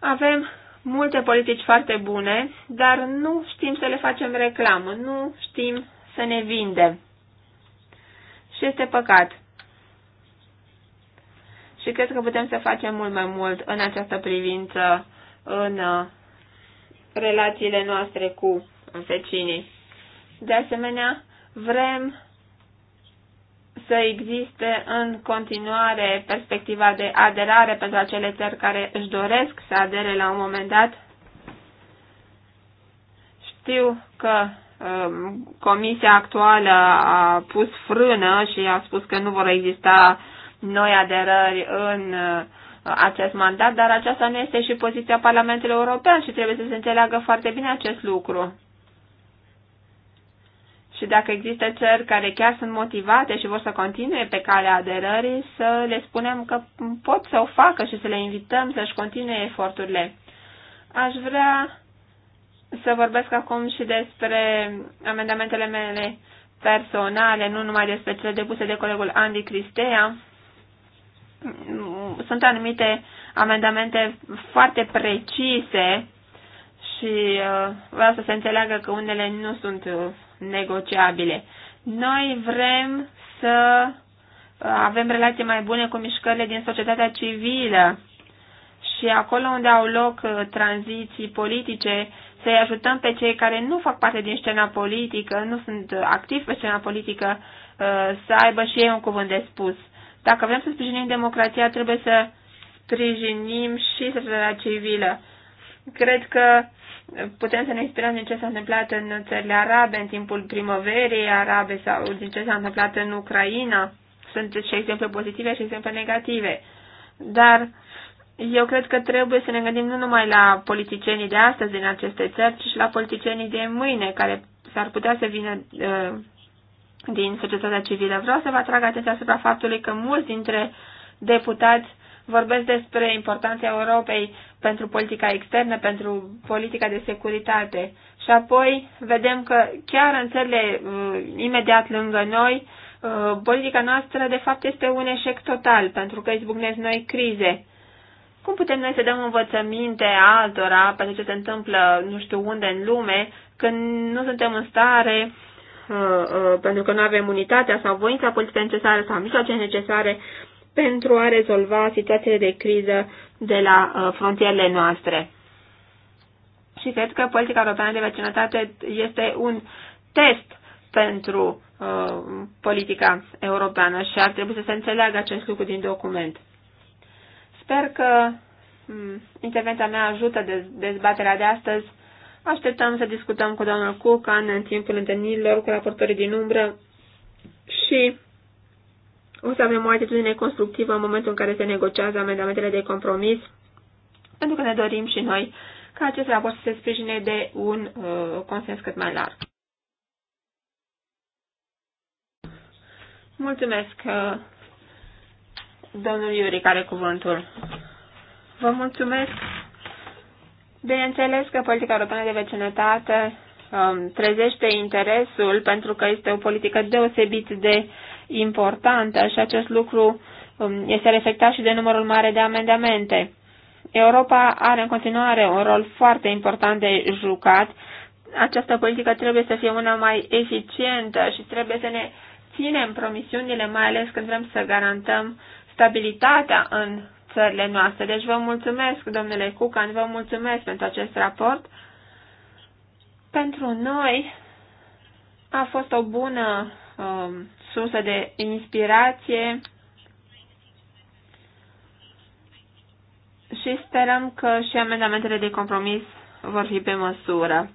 Avem multe politici foarte bune, dar nu știm să le facem reclamă, nu știm să ne vindem. Și este păcat și cred că putem să facem mult mai mult în această privință în uh, relațiile noastre cu vecinii. De asemenea, vrem să existe în continuare perspectiva de aderare pentru acele țări care își doresc să adere la un moment dat. Știu că um, comisia actuală a pus frână și a spus că nu vor exista noi aderări în uh, acest mandat, dar aceasta nu este și poziția Parlamentului European și trebuie să se înțeleagă foarte bine acest lucru. Și dacă există țări care chiar sunt motivate și vor să continue pe calea aderării, să le spunem că pot să o facă și să le invităm să-și continue eforturile. Aș vrea să vorbesc acum și despre amendamentele mele personale, nu numai despre cele depuse de colegul Andy Cristea sunt anumite amendamente foarte precise și uh, vreau să se înțeleagă că unele nu sunt uh, negociabile. Noi vrem să uh, avem relații mai bune cu mișcările din societatea civilă și acolo unde au loc tranziții politice, să-i ajutăm pe cei care nu fac parte din scena politică, nu sunt activi pe scena politică, să aibă și ei un cuvânt de spus. Dacă vrem să sprijinim democrația, trebuie să sprijinim și societatea civilă. Cred că putem să ne inspirăm din ce s-a întâmplat în țările arabe în timpul primăverii arabe sau din ce s-a întâmplat în Ucraina. Sunt și exemple pozitive și exemple negative. Dar eu cred că trebuie să ne gândim nu numai la politicienii de astăzi din aceste țări, ci și la politicienii de mâine, care s-ar putea să vină uh, din societatea civilă. Vreau să vă atrag atenția asupra faptului că mulți dintre deputați vorbesc despre importanța Europei pentru politica externă, pentru politica de securitate. Și apoi vedem că chiar în țările uh, imediat lângă noi, uh, politica noastră de fapt este un eșec total, pentru că izbucnesc noi crize. Cum putem noi să dăm învățăminte altora pentru ce se întâmplă nu știu unde în lume, când nu suntem în stare Uh, uh, pentru că nu avem unitatea sau voința politică necesară sau mijloace necesare pentru a rezolva situațiile de criză de la uh, frontierele noastre. Și cred că politica europeană de vecinătate este un test pentru uh, politica europeană și ar trebui să se înțeleagă acest lucru din document. Sper că um, intervenția mea ajută dez, dezbaterea de astăzi Așteptăm să discutăm cu domnul Cucan în timpul întâlnirilor cu raportorii din umbră și o să avem o atitudine constructivă în momentul în care se negociază amendamentele de compromis, pentru că ne dorim și noi ca acest raport să se sprijine de un uh, consens cât mai larg. Mulțumesc, uh, domnul Iuri, care cuvântul. Vă mulțumesc. Bineînțeles că politica europeană de vecinătate um, trezește interesul pentru că este o politică deosebit de importantă și acest lucru um, este reflectat și de numărul mare de amendamente. Europa are în continuare un rol foarte important de jucat. Această politică trebuie să fie una mai eficientă și trebuie să ne ținem promisiunile, mai ales când vrem să garantăm stabilitatea în țările noastre. Deci vă mulțumesc, domnule Cucan, vă mulțumesc pentru acest raport. Pentru noi a fost o bună uh, sursă de inspirație și sperăm că și amendamentele de compromis vor fi pe măsură.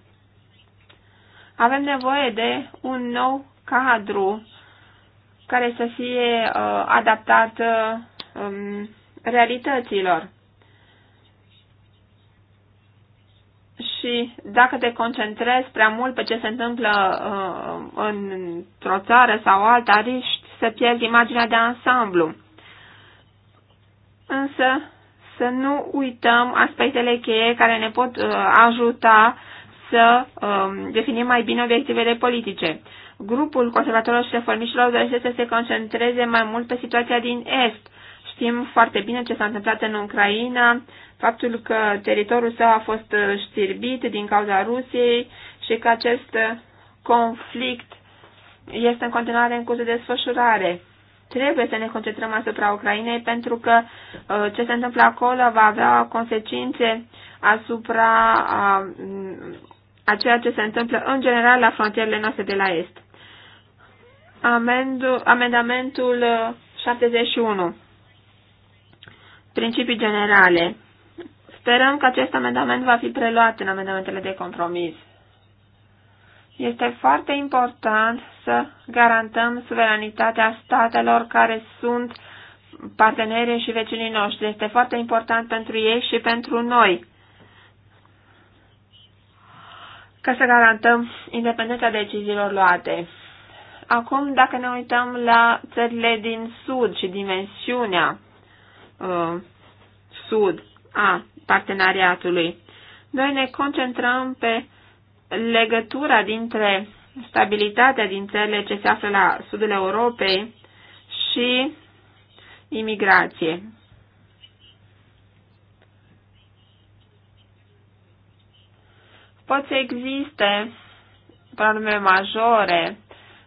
Avem nevoie de un nou cadru care să fie uh, adaptat uh, um, realităților. Și dacă te concentrezi prea mult pe ce se întâmplă uh, într-o țară sau alta, riști să pierzi imaginea de ansamblu. Însă să nu uităm aspectele cheie care ne pot uh, ajuta să uh, definim mai bine obiectivele politice. Grupul conservatorilor și reformiștilor dorește să se concentreze mai mult pe situația din Est, Știm foarte bine ce s-a întâmplat în Ucraina, faptul că teritoriul său a fost uh, știrbit din cauza Rusiei și că acest uh, conflict este în continuare în curs de desfășurare. Trebuie să ne concentrăm asupra Ucrainei pentru că uh, ce se întâmplă acolo va avea consecințe asupra a, a ceea ce se întâmplă în general la frontierele noastre de la Est. Amendu, amendamentul 71 principii generale. Sperăm că acest amendament va fi preluat în amendamentele de compromis. Este foarte important să garantăm suveranitatea statelor care sunt partenerii și vecinii noștri. Este foarte important pentru ei și pentru noi. ca să garantăm independența deciziilor luate. Acum, dacă ne uităm la țările din Sud și dimensiunea uh, sud a parteneriatului. Noi ne concentrăm pe legătura dintre stabilitatea din țările ce se află la sudul Europei și imigrație. Pot să existe probleme majore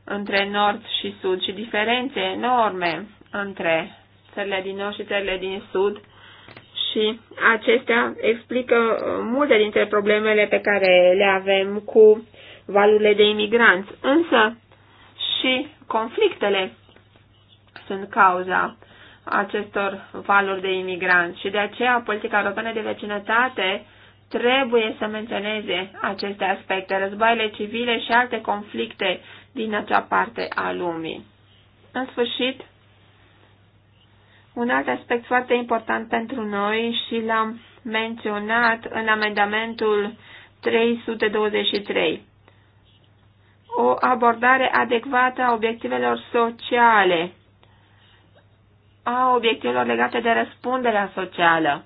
între nord și sud și diferențe enorme între țările din nord și țările din sud și acestea explică uh, multe dintre problemele pe care le avem cu valurile de imigranți. Însă și conflictele sunt cauza acestor valuri de imigranți și de aceea politica europeană de vecinătate trebuie să menționeze aceste aspecte, războaiele civile și alte conflicte din acea parte a lumii. În sfârșit, un alt aspect foarte important pentru noi și l-am menționat în amendamentul 323. O abordare adecvată a obiectivelor sociale, a obiectivelor legate de răspunderea socială.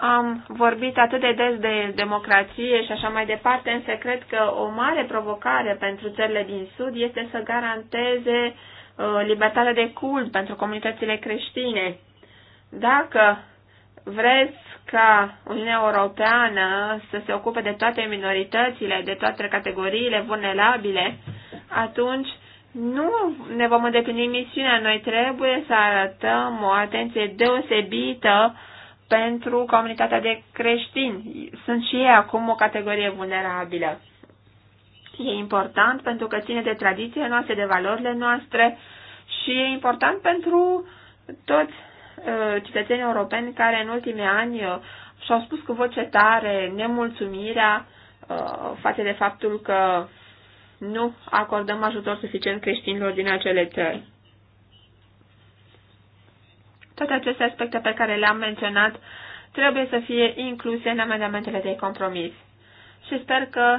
Am vorbit atât de des de democrație și așa mai departe, însă cred că o mare provocare pentru țările din Sud este să garanteze Uh, libertatea de cult pentru comunitățile creștine. Dacă vreți ca Uniunea Europeană să se ocupe de toate minoritățile, de toate categoriile vulnerabile, atunci nu ne vom îndeplini misiunea. Noi trebuie să arătăm o atenție deosebită pentru comunitatea de creștini. Sunt și ei acum o categorie vulnerabilă. E important pentru că ține de tradiția noastre, de valorile noastre și e important pentru toți uh, cetățenii europeni care în ultimii ani uh, și-au spus cu voce tare nemulțumirea uh, față de faptul că nu acordăm ajutor suficient creștinilor din acele țări. Toate aceste aspecte pe care le-am menționat trebuie să fie incluse în amendamentele de compromis. Și sper că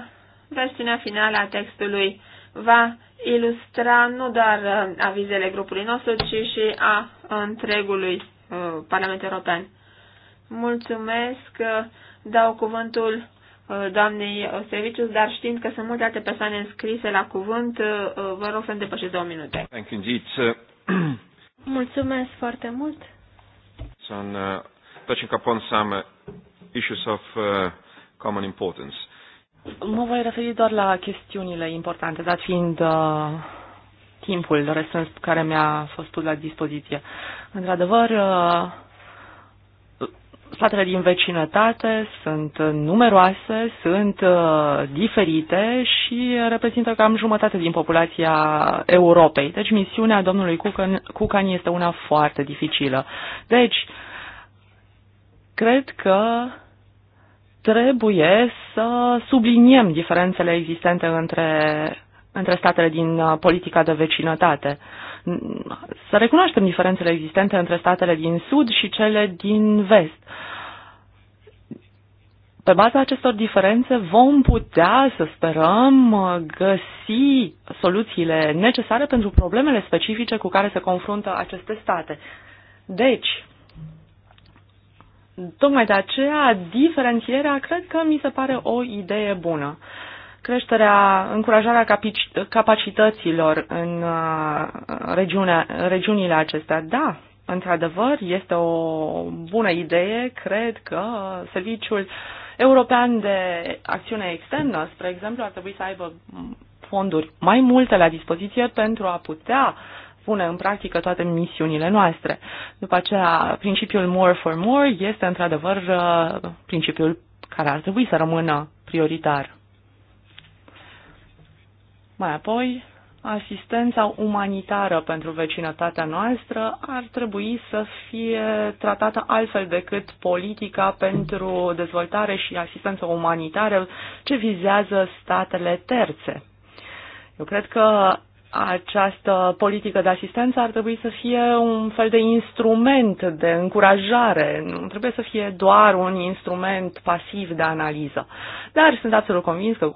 versiunea finală a textului va ilustra nu doar uh, avizele grupului nostru, ci și a întregului uh, Parlament European. Mulțumesc, uh, dau cuvântul doamnei Serviciu, dar știind că sunt multe alte persoane înscrise la cuvânt, vă rog să mi depășiți două minute. Mulțumesc foarte mult. Sunt touching upon some issues of common importance. Mă voi referi doar la chestiunile importante, dat fiind uh, timpul răspuns care mi-a fost pus la dispoziție. Într-adevăr, uh, statele din vecinătate sunt numeroase, sunt uh, diferite și reprezintă cam jumătate din populația Europei. Deci misiunea domnului Cucan, Cucan este una foarte dificilă. Deci, cred că trebuie să subliniem diferențele existente între, între statele din uh, politica de vecinătate. Să recunoaștem diferențele existente între statele din sud și cele din vest. Pe baza acestor diferențe vom putea, să sperăm, uh, găsi soluțiile necesare pentru problemele specifice cu care se confruntă aceste state. Deci, Tocmai de aceea, diferențierea cred că mi se pare o idee bună. Creșterea, încurajarea capacităților în uh, regiune, regiunile acestea, da, într-adevăr, este o bună idee. Cred că serviciul european de acțiune externă, spre exemplu, ar trebui să aibă fonduri mai multe la dispoziție pentru a putea uh, pune în practică toate misiunile noastre. După aceea, principiul more for more este într-adevăr uh, principiul care ar trebui să rămână prioritar. Mai apoi, asistența umanitară pentru vecinătatea noastră ar trebui să fie tratată altfel decât politica pentru dezvoltare și asistență umanitară ce vizează statele terțe. Eu cred că această politică de asistență ar trebui să fie un fel de instrument de încurajare, nu trebuie să fie doar un instrument pasiv de analiză. Dar sunt absolut convins că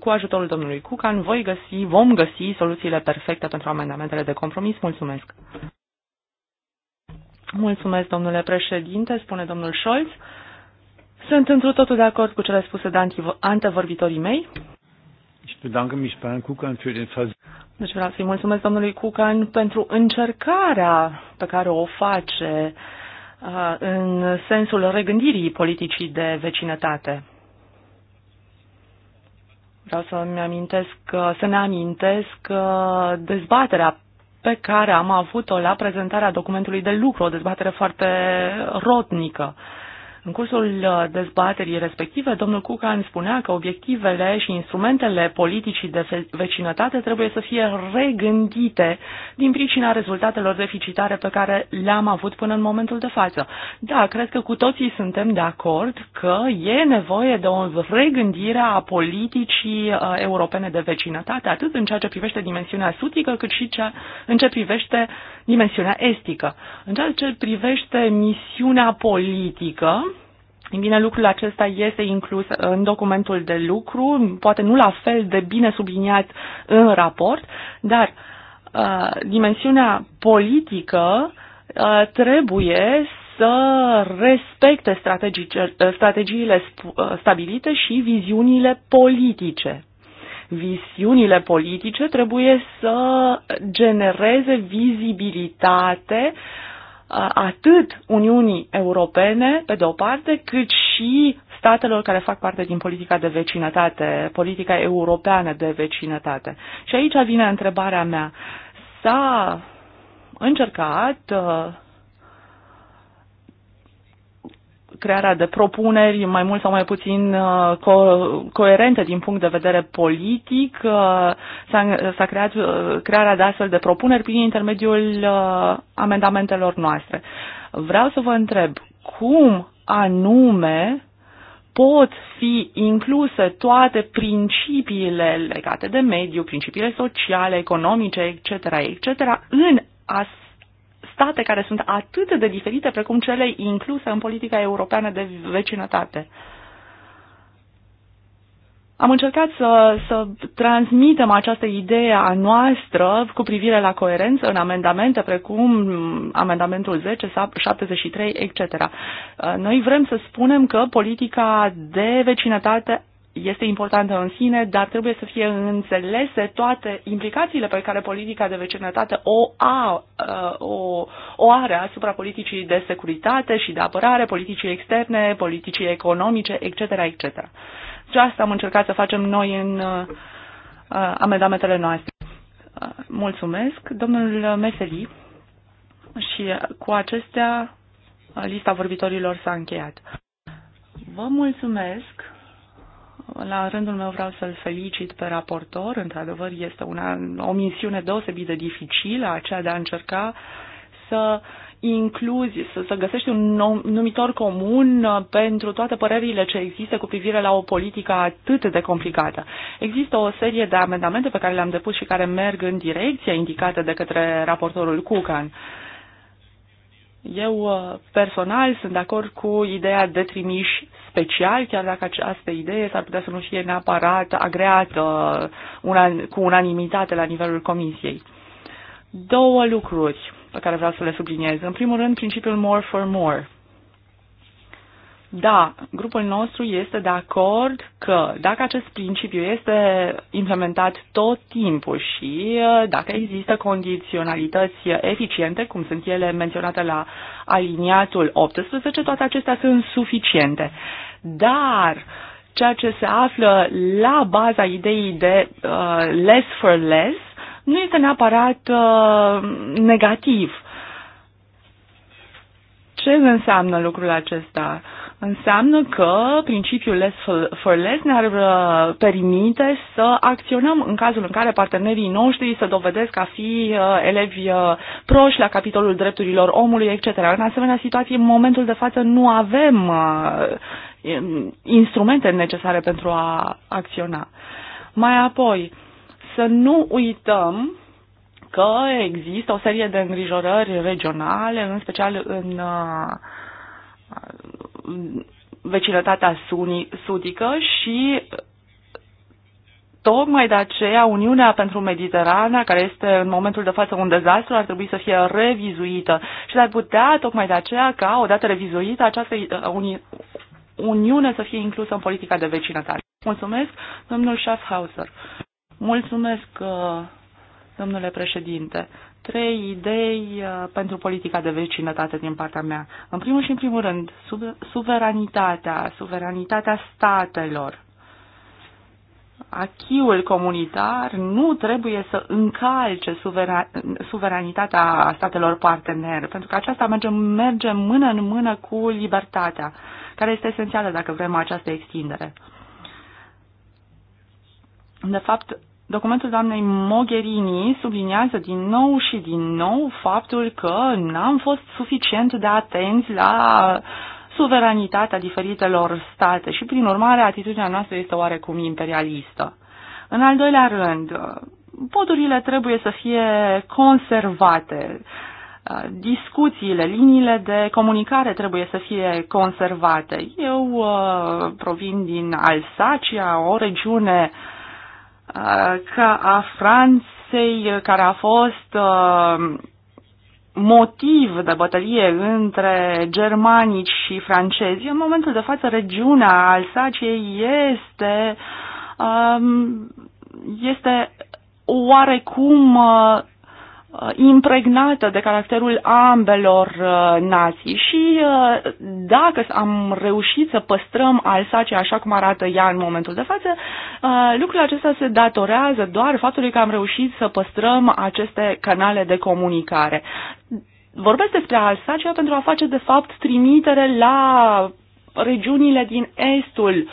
cu, ajutorul domnului Cucan voi găsi, vom găsi soluțiile perfecte pentru amendamentele de compromis. Mulțumesc! Mulțumesc, domnule președinte, spune domnul Scholz. Sunt întru totul de acord cu cele spuse de antevorbitorii mei. Deci vreau să-i mulțumesc domnului Cucan pentru încercarea pe care o face uh, în sensul regândirii politicii de vecinătate. Vreau să-mi amintesc, uh, să ne amintesc uh, dezbaterea pe care am avut-o la prezentarea documentului de lucru, o dezbatere foarte rotnică. Uh, în cursul uh, dezbaterii respective, domnul Cucan spunea că obiectivele și instrumentele politicii de vecinătate trebuie să fie regândite din pricina rezultatelor deficitare pe care le-am avut până în momentul de față. Da, cred că cu toții suntem de acord că e nevoie de o regândire a politicii uh, europene de vecinătate, atât în ceea ce privește dimensiunea sudică, cât și cea, în ce privește dimensiunea estică. În ceea ce privește misiunea politică, ei bine, lucrul acesta este inclus în documentul de lucru, poate nu la fel de bine subliniat în raport, dar uh, dimensiunea politică uh, trebuie să respecte uh, strategiile uh, stabilite și viziunile politice. Viziunile politice trebuie să genereze vizibilitate uh, atât Uniunii Europene, pe de o parte, cât și statelor care fac parte din politica de vecinătate, politica europeană de vecinătate. Și aici vine întrebarea mea. S-a încercat uh, crearea de propuneri mai mult sau mai puțin uh, co- coerente din punct de vedere politic. Uh, s-a, s-a creat uh, crearea de astfel de propuneri prin intermediul amendamentelor noastre. Vreau să vă întreb cum anume pot fi incluse toate principiile legate de mediu, principiile sociale, economice, etc., etc., în as, state care sunt atât de diferite precum cele incluse în politica europeană de vecinătate. Am încercat să, să transmitem această idee a noastră cu privire la coerență în amendamente precum amendamentul 10, 73, etc. Noi vrem să spunem că politica de vecinătate este importantă în sine, dar trebuie să fie înțelese toate implicațiile pe care politica de vecinătate o, a, uh, o, o are asupra politicii de securitate și de apărare, politicii externe, politicii economice, etc. etc. Și asta am încercat să facem noi în uh, uh amendamentele noastre. Uh, mulțumesc, domnul Meseli. Și cu acestea, lista vorbitorilor s-a încheiat. Vă mulțumesc. La rândul meu vreau să-l felicit pe raportor. Într-adevăr, este una, o misiune deosebit de dificilă, aceea de a încerca să incluzi, să, să găsești un numitor comun uh, pentru toate părerile ce există cu privire la o politică atât de complicată. Există o serie de amendamente pe care le-am depus și care merg în direcția indicată de către raportorul Cucan. Uh, eu uh, personal sunt de acord cu ideea de trimiși special, chiar dacă această idee s-ar putea să nu fie neapărat agreată uh, una, cu unanimitate la nivelul comisiei. Două lucruri pe care vreau să le subliniez. În primul rând, principiul more for more. Da, grupul nostru este de acord că dacă acest principiu este implementat tot timpul și uh, dacă există condiționalități eficiente, cum sunt ele menționate la aliniatul 18, toate acestea sunt suficiente. Dar ceea ce se află la baza ideii de uh, less for less nu este neapărat uh, negativ. Uh, ce înseamnă lucrul acesta? Înseamnă că principiul less for less ne-ar uh, permite să acționăm în cazul în care partenerii noștri să dovedesc a fi uh, elevi uh, proști la capitolul drepturilor omului, etc. În asemenea situație, în momentul de față, nu avem instrumente necesare pentru a acționa. Mai apoi, să nu uităm că există o serie de îngrijorări regionale, în special în uh, vecinătatea sudică și tocmai de aceea Uniunea pentru Mediterana, care este în momentul de față un dezastru, ar trebui să fie revizuită și ar putea tocmai de aceea ca, odată revizuită, această uh, Uniune să fie inclusă în politica de vecinătate. Mulțumesc, domnul Schaffhauser. Mulțumesc, uh, domnule președinte. Trei idei uh, pentru politica de vecinătate din partea mea. În primul și în primul rând, sub, suveranitatea, suveranitatea statelor. Achiul comunitar nu trebuie să încalce suveran, suveranitatea statelor parteneri, pentru că aceasta merge, merge mână în mână cu libertatea, care este esențială dacă vrem această extindere. De fapt, Documentul doamnei Mogherini subliniază din nou și din nou faptul că n-am fost suficient de atenți la suveranitatea diferitelor state și, prin urmare, atitudinea noastră este oarecum imperialistă. În al doilea rând, podurile trebuie să fie conservate discuțiile, liniile de comunicare trebuie să fie conservate. Eu uh, provin din Alsacia, o regiune uh, Uh, ca a Franței, uh, care a fost uh, motiv de bătălie între germanici și francezi. În momentul de față, regiunea Alsaciei este, um, este oarecum Uh, impregnată de caracterul ambelor uh, nații și uh, dacă am reușit să păstrăm Alsacia așa cum arată ea în momentul de față, lucrul acesta se datorează doar faptului că am reușit să păstrăm aceste canale de comunicare. Vorbesc despre Alsacia pentru a face, de fapt, trimitere la regiunile din estul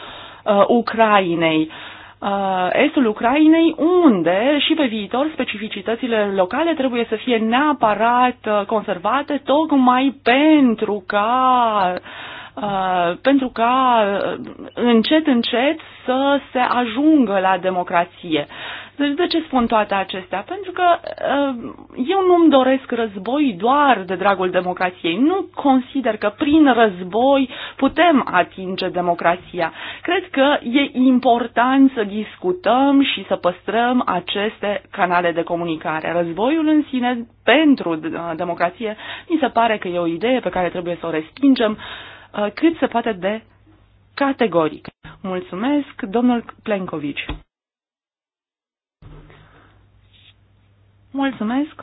uh, Ucrainei. Uh, Uh, estul Ucrainei, unde și pe viitor specificitățile locale trebuie să fie neapărat uh, conservate, tocmai pentru ca uh, pentru ca încet, încet să se ajungă la democrație. Deci de ce spun toate acestea? Pentru că uh, eu nu-mi doresc război doar de dragul democrației. Nu consider că prin război putem atinge democrația. Cred că e important să discutăm și să păstrăm aceste canale de comunicare. Războiul în sine pentru uh, democrație mi se pare că e o idee pe care trebuie să o respingem uh, cât se poate de categoric. Mulțumesc, domnul Plenković. Mulțumesc!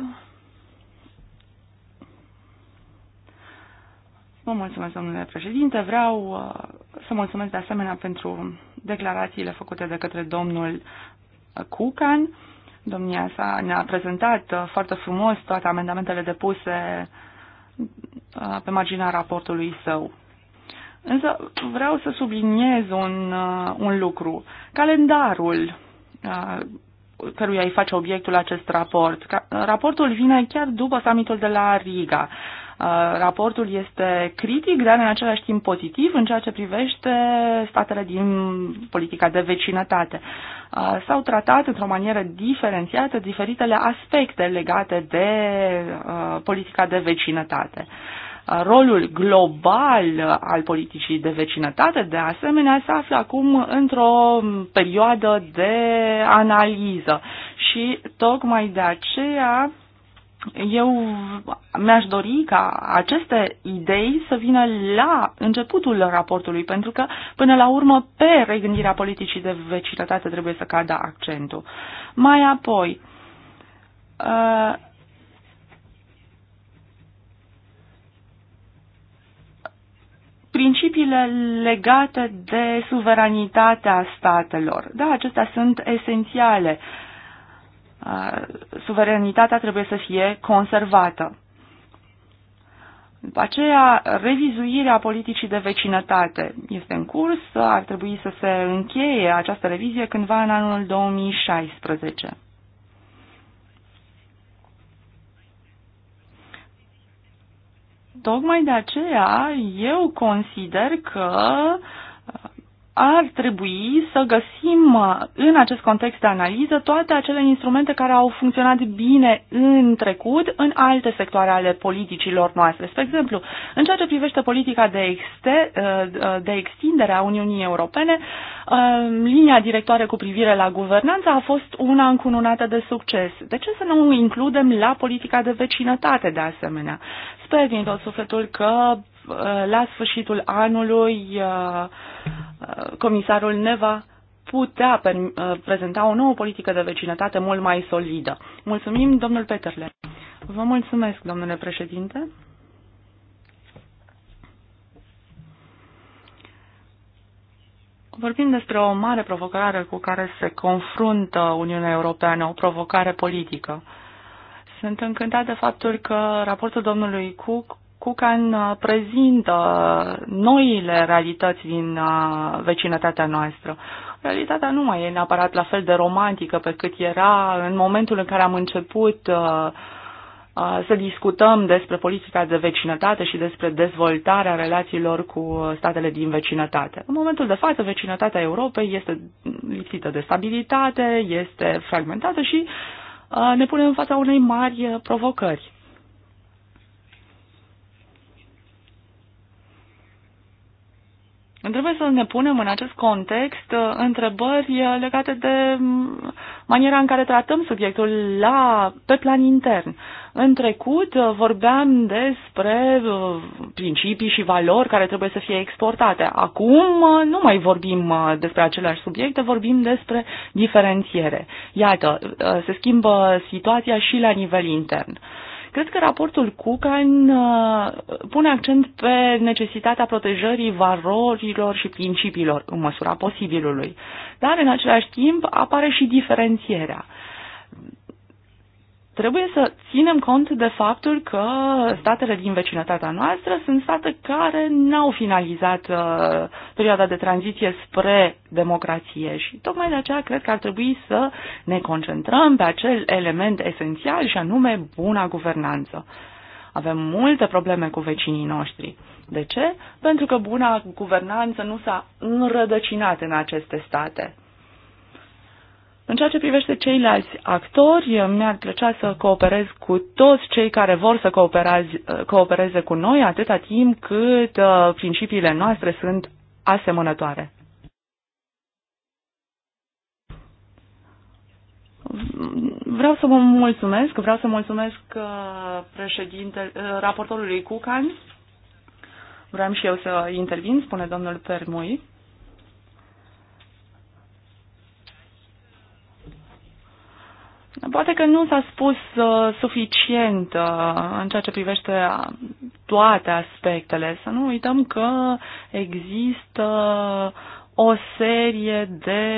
Vă mulțumesc, domnule președinte. Vreau uh, să mulțumesc de asemenea pentru declarațiile făcute de către domnul Cucan. Domnia sa ne-a prezentat uh, foarte frumos toate amendamentele depuse uh, pe marginea raportului său. Însă vreau să subliniez un, un lucru. Calendarul căruia îi face obiectul acest raport. Raportul vine chiar după summitul de la Riga. Uh, raportul este critic, dar în același timp pozitiv în ceea ce privește statele din politica de vecinătate. Uh, s-au tratat într-o manieră diferențiată diferitele aspecte legate de uh, politica de vecinătate. Rolul global al politicii de vecinătate, de asemenea, se află acum într-o perioadă de analiză și tocmai de aceea eu mi-aș dori ca aceste idei să vină la începutul raportului, pentru că, până la urmă, pe regândirea politicii de vecinătate trebuie să cadă accentul. Mai apoi, uh, principiile legate de suveranitatea statelor. Da, acestea sunt esențiale. Uh, suveranitatea trebuie să fie conservată. După aceea, revizuirea politicii de vecinătate este în curs, ar trebui să se încheie această revizie cândva în anul 2016. Tocmai de aceea eu consider că ar trebui să găsim uh, în acest context de analiză toate acele instrumente care au funcționat bine în trecut în alte sectoare ale politicilor noastre. Spre exemplu, în ceea ce privește politica de, exte, uh, uh, de extindere a Uniunii Europene, linia directoare cu privire la guvernanță a fost una încununată de succes. De ce să nu includem la politica de vecinătate de asemenea? Sper din tot sufletul că Uh, la sfârșitul anului uh, uh, comisarul ne va putea prezenta o nouă politică de vecinătate mult mai solidă. Mulțumim, domnul Peterle. Vă mulțumesc, domnule președinte. Vorbim despre o mare provocare cu care se confruntă Uniunea Europeană, o provocare politică. Sunt încântat de faptul că raportul domnului Cook Cucan uh, prezintă noile realități din uh, vecinătatea noastră. Realitatea nu mai e neapărat la fel de romantică pe cât era în momentul în care am început uh, să discutăm despre politica de vecinătate și despre dezvoltarea relațiilor cu statele din vecinătate. În momentul de față, vecinătatea Europei este lipsită de stabilitate, este fragmentată și ne punem în fața unei mari provocări. Trebuie să ne punem în acest context uh, întrebări uh, legate de mm, maniera în care tratăm subiectul la, pe plan intern. În trecut uh, vorbeam despre principii și valori care trebuie să fie exportate. Acum nu mai vorbim despre aceleași subiecte, vorbim despre diferențiere. Iată, se schimbă situația și la nivel intern. Cred că raportul Cucan uh, pune accent pe necesitatea protejării valorilor și principiilor în măsura posibilului, dar în același timp apare și diferențierea trebuie să ținem cont de faptul că statele din vecinătatea noastră sunt state care n-au finalizat uh, perioada de tranziție spre democrație și tocmai de aceea cred că ar trebui să ne concentrăm pe acel element esențial și anume buna guvernanță. Avem multe probleme cu vecinii noștri. De ce? Pentru că buna guvernanță nu s-a înrădăcinat în aceste state. În ceea ce privește ceilalți actori, mi-ar plăcea să cooperez cu toți cei care vor să coopereze cu noi, atâta timp cât uh, principiile noastre sunt asemănătoare. Vreau să vă mulțumesc, vreau să mulțumesc uh, președinte, uh, raportorului Cucan. Vreau și eu să intervin, spune domnul Permui. Poate că nu s-a spus uh, suficient uh, în ceea ce privește uh, toate aspectele. Să nu uităm că există o serie de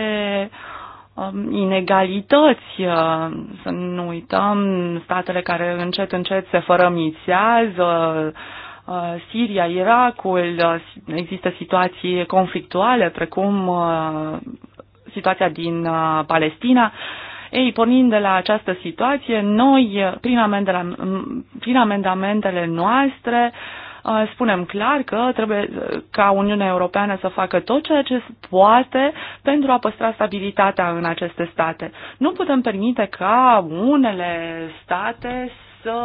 um, inegalități. Uh, să nu uităm statele care încet, încet se fărămițează, uh, Siria, Irakul, uh, există situații conflictuale, precum uh, situația din uh, Palestina. Uh, ei, pornind de la această situație, noi, prin, amendele, prin amendamentele noastre, uh, spunem clar că trebuie uh, ca Uniunea Europeană să facă tot ceea ce poate pentru a păstra stabilitatea în aceste state. Nu putem permite ca unele state să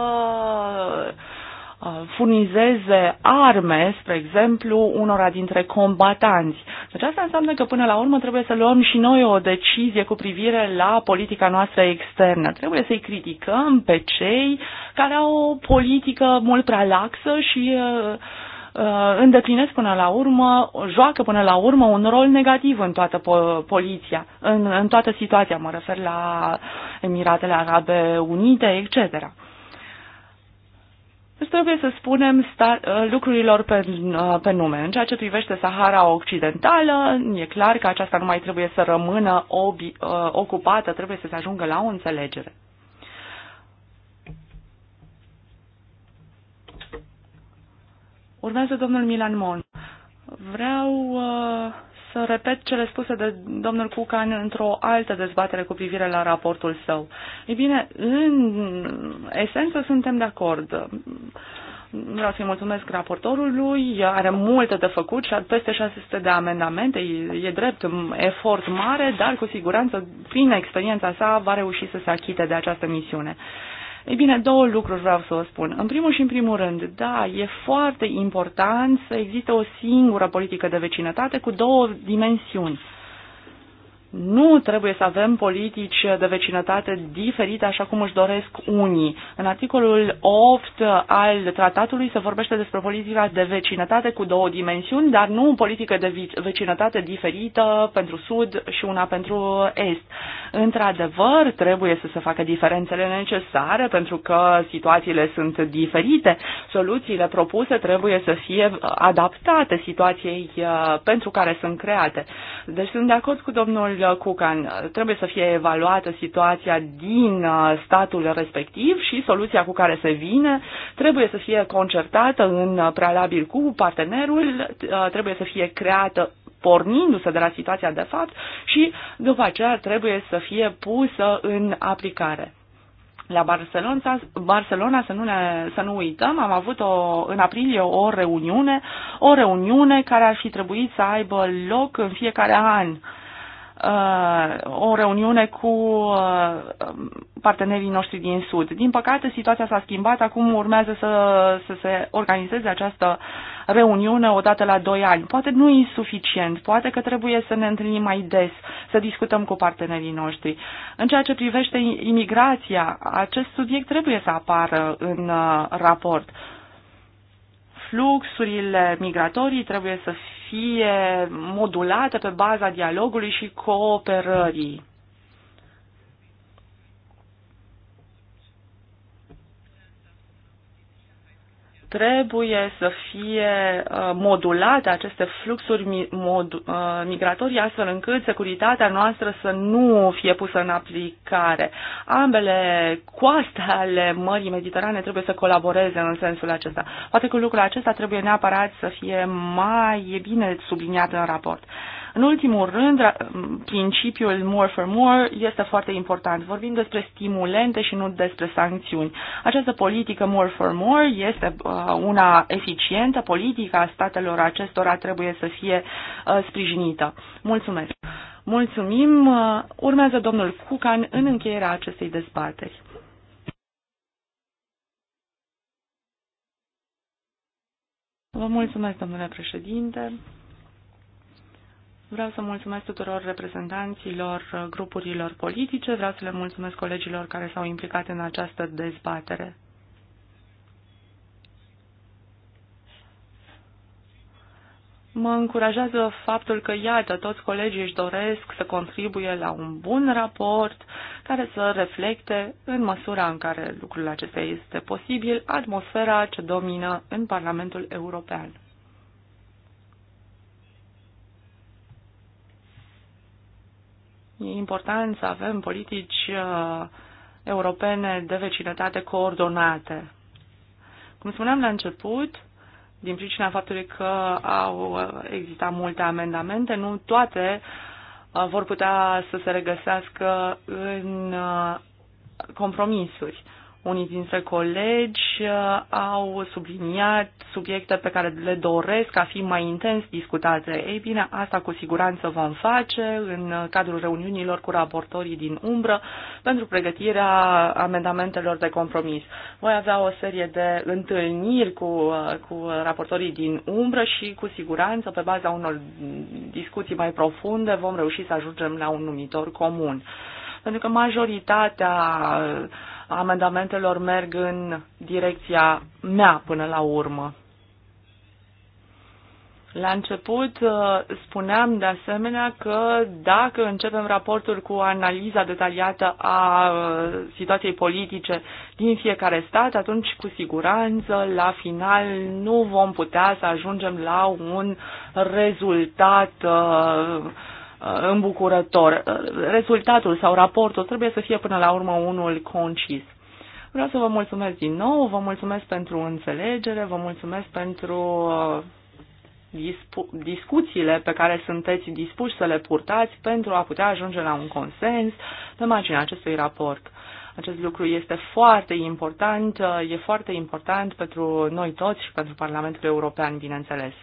Uh, furnizeze arme, spre exemplu, unora dintre combatanți. Deci asta înseamnă că până la urmă trebuie să luăm și noi o decizie cu privire la politica noastră externă. Trebuie să-i criticăm pe cei care au o politică mult prea laxă și uh, uh, îndeplinesc până la urmă, joacă până la urmă un rol negativ în toată po- poliția, în, în toată situația, mă refer la Emiratele Arabe Unite, etc trebuie să spunem sta, ă, lucrurilor pe, ă, pe nume. În ceea ce privește Sahara Occidentală, e clar că aceasta nu mai trebuie să rămână obi, ă, ocupată, trebuie să se ajungă la o înțelegere. Urmează domnul Milan Mon. Vreau uh, să repet cele spuse de domnul Cucan într-o altă dezbatere cu privire la raportul său. Ei bine, în esență suntem de acord. Vreau să-i mulțumesc raportorului, are multe de făcut și peste 600 de amendamente, e, e drept, efort mare, dar cu siguranță, prin experiența sa, va reuși să se achite de această misiune. Ei bine, două lucruri vreau să vă spun. În primul și în primul rând, da, e foarte important să existe o singură politică de vecinătate cu două dimensiuni. Nu trebuie să avem politici de vecinătate diferite așa cum își doresc unii. În articolul 8 al tratatului se vorbește despre politica de vecinătate cu două dimensiuni, dar nu o politică de vecinătate diferită pentru Sud și una pentru Est. Într-adevăr, trebuie să se facă diferențele necesare pentru că situațiile sunt diferite. Soluțiile propuse trebuie să fie adaptate situației uh, pentru care sunt create. Deci sunt de acord cu domnul colegă Cucan. Trebuie să fie evaluată situația din uh, statul respectiv și soluția cu care se vine trebuie să fie concertată în uh, prealabil cu partenerul, uh, trebuie să fie creată pornindu-se de la situația de fapt și după aceea trebuie să fie pusă în aplicare. La Barcelona, Barcelona să, nu ne, să nu uităm, am avut o, în aprilie o reuniune, o reuniune care ar fi trebuit să aibă loc în fiecare an. Uh, Uh, o reuniune cu uh, partenerii noștri din Sud. Din păcate, situația s-a schimbat. Acum urmează să, să se organizeze această reuniune o dată la doi ani. Poate nu e suficient, poate că trebuie să ne întâlnim mai des, să discutăm cu partenerii noștri. În ceea ce privește imigrația, acest subiect trebuie să apară în uh, raport fluxurile migratorii trebuie să fie modulată pe baza dialogului și cooperării. trebuie să fie uh, modulate aceste fluxuri uh, migratorii astfel încât securitatea noastră să nu fie pusă în aplicare. Ambele coaste ale Mării Mediterane trebuie să colaboreze în sensul acesta. Poate că lucrul acesta trebuie neapărat să fie mai bine subliniat în raport. În ultimul rând, principiul more for more este foarte important. Vorbim despre stimulente și nu despre sancțiuni. Această politică more for more este uh, una eficientă, politica statelor acestora trebuie să fie uh, sprijinită. Mulțumesc! Mulțumim! Uh, urmează domnul Cucan în încheierea acestei dezbateri. Vă mulțumesc, domnule președinte. Vreau să mulțumesc tuturor reprezentanților grupurilor politice, vreau să le mulțumesc colegilor care s-au implicat în această dezbatere. Mă încurajează faptul că, iată, toți colegii își doresc să contribuie la un bun raport care să reflecte, în măsura în care lucrul acesta este posibil, atmosfera ce domină în Parlamentul European. E important să avem politici uh, europene de vecinătate coordonate. Cum spuneam la început, din pricina faptului că au uh, existat multe amendamente, nu toate uh, vor putea să se regăsească în compromisuri. Unii dintre colegi uh, au subliniat subiecte pe care le doresc a fi mai intens discutate. Ei bine, asta cu siguranță vom face în cadrul reuniunilor cu raportorii din umbră pentru pregătirea amendamentelor de compromis. Voi avea o serie de întâlniri cu, uh, cu raportorii din umbră și cu siguranță, pe baza unor discuții mai profunde, vom reuși să ajungem la un numitor comun. Pentru că majoritatea uh, amendamentelor merg în direcția mea până la urmă. La început uh, spuneam de asemenea că dacă începem raportul cu analiza detaliată a uh, situației politice din fiecare stat, atunci cu siguranță la final nu vom putea să ajungem la un rezultat uh, îmbucurător. Rezultatul sau raportul trebuie să fie până la urmă unul concis. Vreau să vă mulțumesc din nou, vă mulțumesc pentru înțelegere, vă mulțumesc pentru uh, discuțiile pe care sunteți dispuși să le purtați pentru a putea ajunge la un consens pe marginea acestui raport. Acest lucru este foarte important, uh, e foarte important pentru noi toți și pentru Parlamentul European, bineînțeles.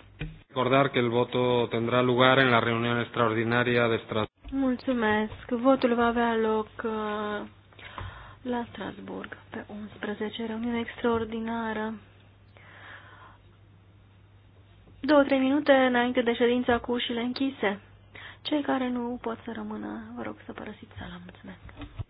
Recordar que el voto tendrá lugar en la reunión extraordinaria de Strasbourg. Mulțumesc. Votul va avea loc uh, la Strasburg pe 11, reuniune extraordinară. Două-trei minute înainte de ședința cu ușile închise. Cei care nu pot să rămână, vă rog să părăsiți sala. Mulțumesc.